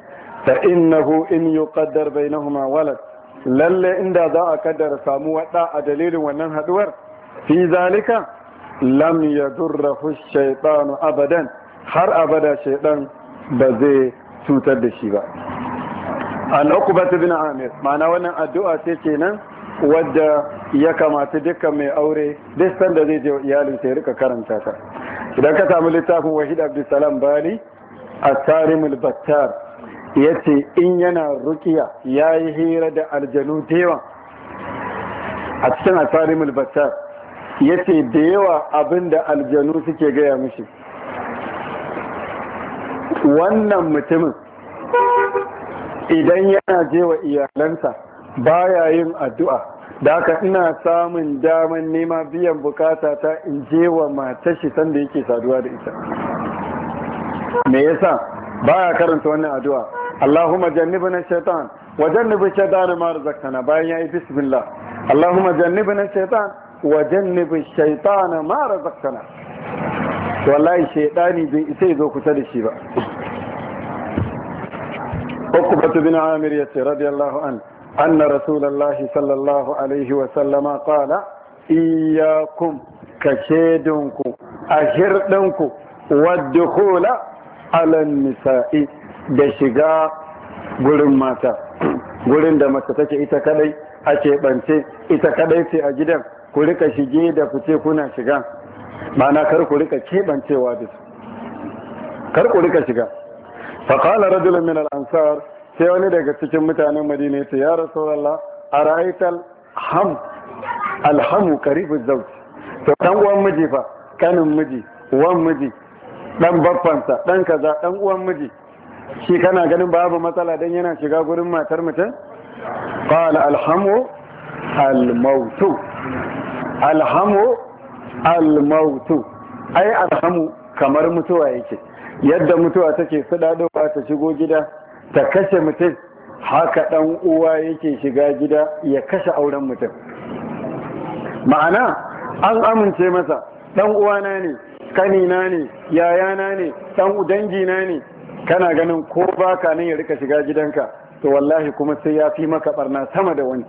fa innahu in yuqaddar bainahuma walad lalle inda za a kaddara samu wada a dalilin wannan haduwar fi zalika lam yadurruhu shaitanu abadan har abada shaitan ba zai cutar da shi ba an ukubata bin amir ma'ana wannan addu'a ce kenan wadda ya kamata dukkan mai aure duk sanda zai je iyalin sai rika karanta ta idan ka samu littafin wahid abdulsalam bali asarimul ya yace in yana rukiya yayi hira da aljanu dewa a cikin asarimul battar yace da yawa abinda aljanu suke gaya mishi wannan mutumin idan yana je wa iyalansa baya yin addu'a da aka ina samun daman nema biyan bukata ta in je wa matashi shi sanda yake saduwa da ita me yasa ya karanta wannan addu'a Allahumma na shaitan wa jannibu shaitan mara zakana bayan ya yi bismillah Allahumma na shaitan wa jannibu shaitan mara zakana wallahi shaitani bai isa zo kusa da shi ba عقبة بن عامر رضي الله عنه أن رسول الله صلى الله عليه وسلم قال إياكم كشيدنكم أهردنكم والدخول على النساء بشقاء قلن ماتا قلن دمتا تكي إتكالي أشيبانتي إتكالي في أجدام كلك شجيدة فتيكونا شقاء معنى كركو لك شيبانتي وادس كركو لك شقاء فقال رجل min al'ansar sai wani daga cikin mutanen madina ya ce ya rasulallah a ham alhamu karibin zauci to dan uwan miji fa kanin miji uwan miji dan baffansa dan kaza dan uwan miji shi kana ganin babu matsala dan yana shiga gurin matar mutum qala alhamu almautu alhamu almautu ai alhamu kamar mutuwa yake yadda mutuwa take sadadowa ta shigo gida ta kashe mutum haka dan uwa yake shiga gida ya kashe auren mutum ma'ana an amince masa dan uwana ne kanina ne yayana ne dan dangina ne kana ganin ko baka nan ya rika shiga gidanka to wallahi kuma sai ya fi maka barna sama da wani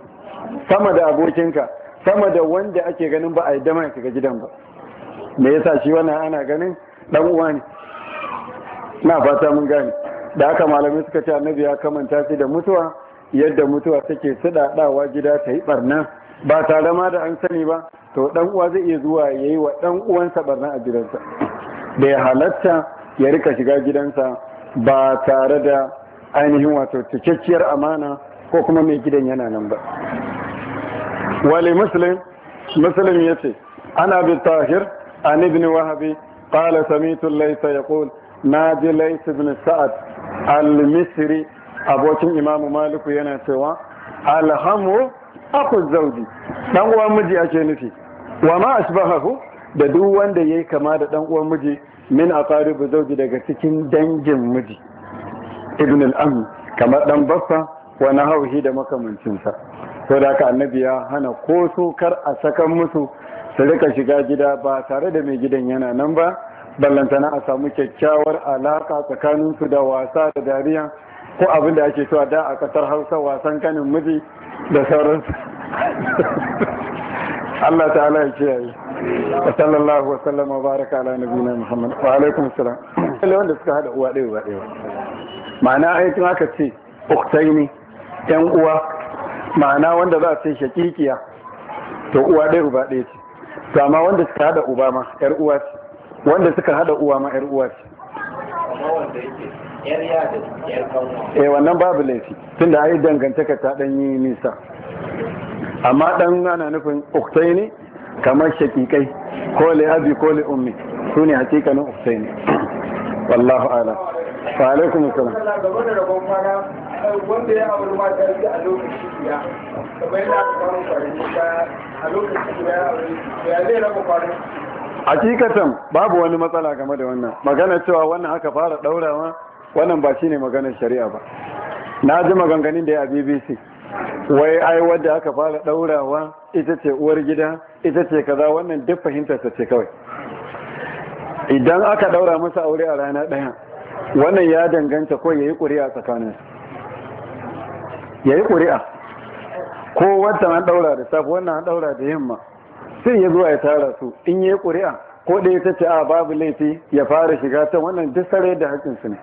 sama da abokinka sama da wanda ake ganin ba a yi dama ya shiga gidan ba me yasa shi wannan ana ganin dan uwa ne na fata mun gane da haka malamai suka ce annabi ya kamanta shi da mutuwa yadda mutuwa take sadadawa gida ta yi barna ba tare ma da an sani ba to dan uwa zai iya zuwa ya yi wa dan uwansa barna a gidansa da ya halatta ya rika shiga gidansa ba tare da ainihin wato cikakkiyar amana ko kuma mai gidan yana nan ba wali muslim muslim ya ana bi tahir an ibn wahabi qala samitu laysa yaqul na ji lais sa'ad al-misri abokin imamu maliku yana cewa alhamu aku zauji dan uwan miji ake nufi wa ma asbahahu da duk wanda yayi kama da dan uwan miji min aqaribu zauji daga cikin dangin miji ibn al-am kamar dan baffa wa nahawhi da makamancinsa sai da annabi ya hana ko sokar kar a sakan musu su rika shiga gida ba tare da mai gidan yana nan ba ballantana a samu kyakkyawar alaka tsakaninsu da wasa da dariya ko abin da ake cewa da a kasar hausa wasan kanin miji da sauransu Allah ta'ala ya kiyaye wa sallallahu wa sallam wa baraka ala nabiyina Muhammad wa alaikum salam lalle wanda suka hada uwa ɗaya uwa ɗaya ma'ana tun aka ce uktaini yan uwa ma'ana wanda za a ce shakikiya to uwa ɗaya uba ɗaya ce to amma wanda suka hada uba ma yar uwa ce wanda suka hada uwa ma yar uwa ce eh wannan babu laifi tunda ai dangantaka ta dan yi nisa amma dan ana nufin uktai ne kamar shakikai ko li abi ko li ummi su ne hakikanin uktai ne wallahu ala wa alaikum assalam wanda ya auri mata a lokaci guda kamar yana samun kwanaki a lokaci ya zai raba hakikatan babu wani matsala game da wannan magana cewa wannan aka fara daurawa wannan ba shine maganar shari'a ba na ji maganganun da ya bbc wai ai wadda aka fara daurawa ita ce uwar gida ita ce kaza wannan duk ta ce kawai idan aka daura masa aure a rana ɗaya wannan ya danganta ko yayi ƙuri'a tsakanin yayi ƙuri'a ko wata an daura da safi wannan an daura da yamma sai ya zuwa ya tara su in yi ƙuri'a ko ɗaya ta ce a babu laifi ya fara shiga ta wannan duk sarai da haƙinsu ne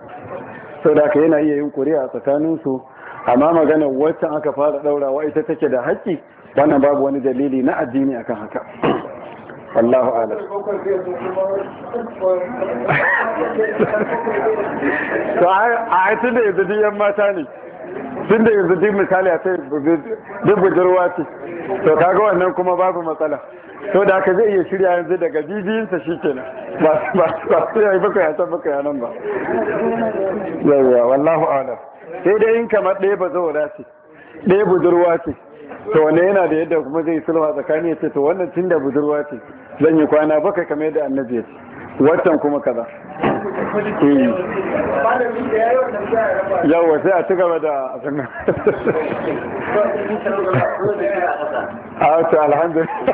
sau da ka yana iya yin ƙuri'a tsakaninsu amma magana wacce aka fara ɗaurawa ita take da haƙƙi wannan babu wani dalili na addini akan haka Allahu ala to a aitin da yanzu yan mata ne tun da yanzu duk misali a sai duk budurwa ce to kaga wannan kuma babu matsala to da aka zai iya shirya yanzu daga bibiyinsa shi ke nan. ba su yayi baka ya san baka yanan nan ba yawwa wallahu a'lam sai dai in kamar ɗaya ba zaura ce ɗaya budurwa ce to wanne yana da yadda kuma zai sulwa tsakani ya ce to wannan tun da budurwa ce zan yi kwana baka kamar yadda annabi ya ce watan kuma kaza yawa sai a ci gaba da abin a wata alhamdulillah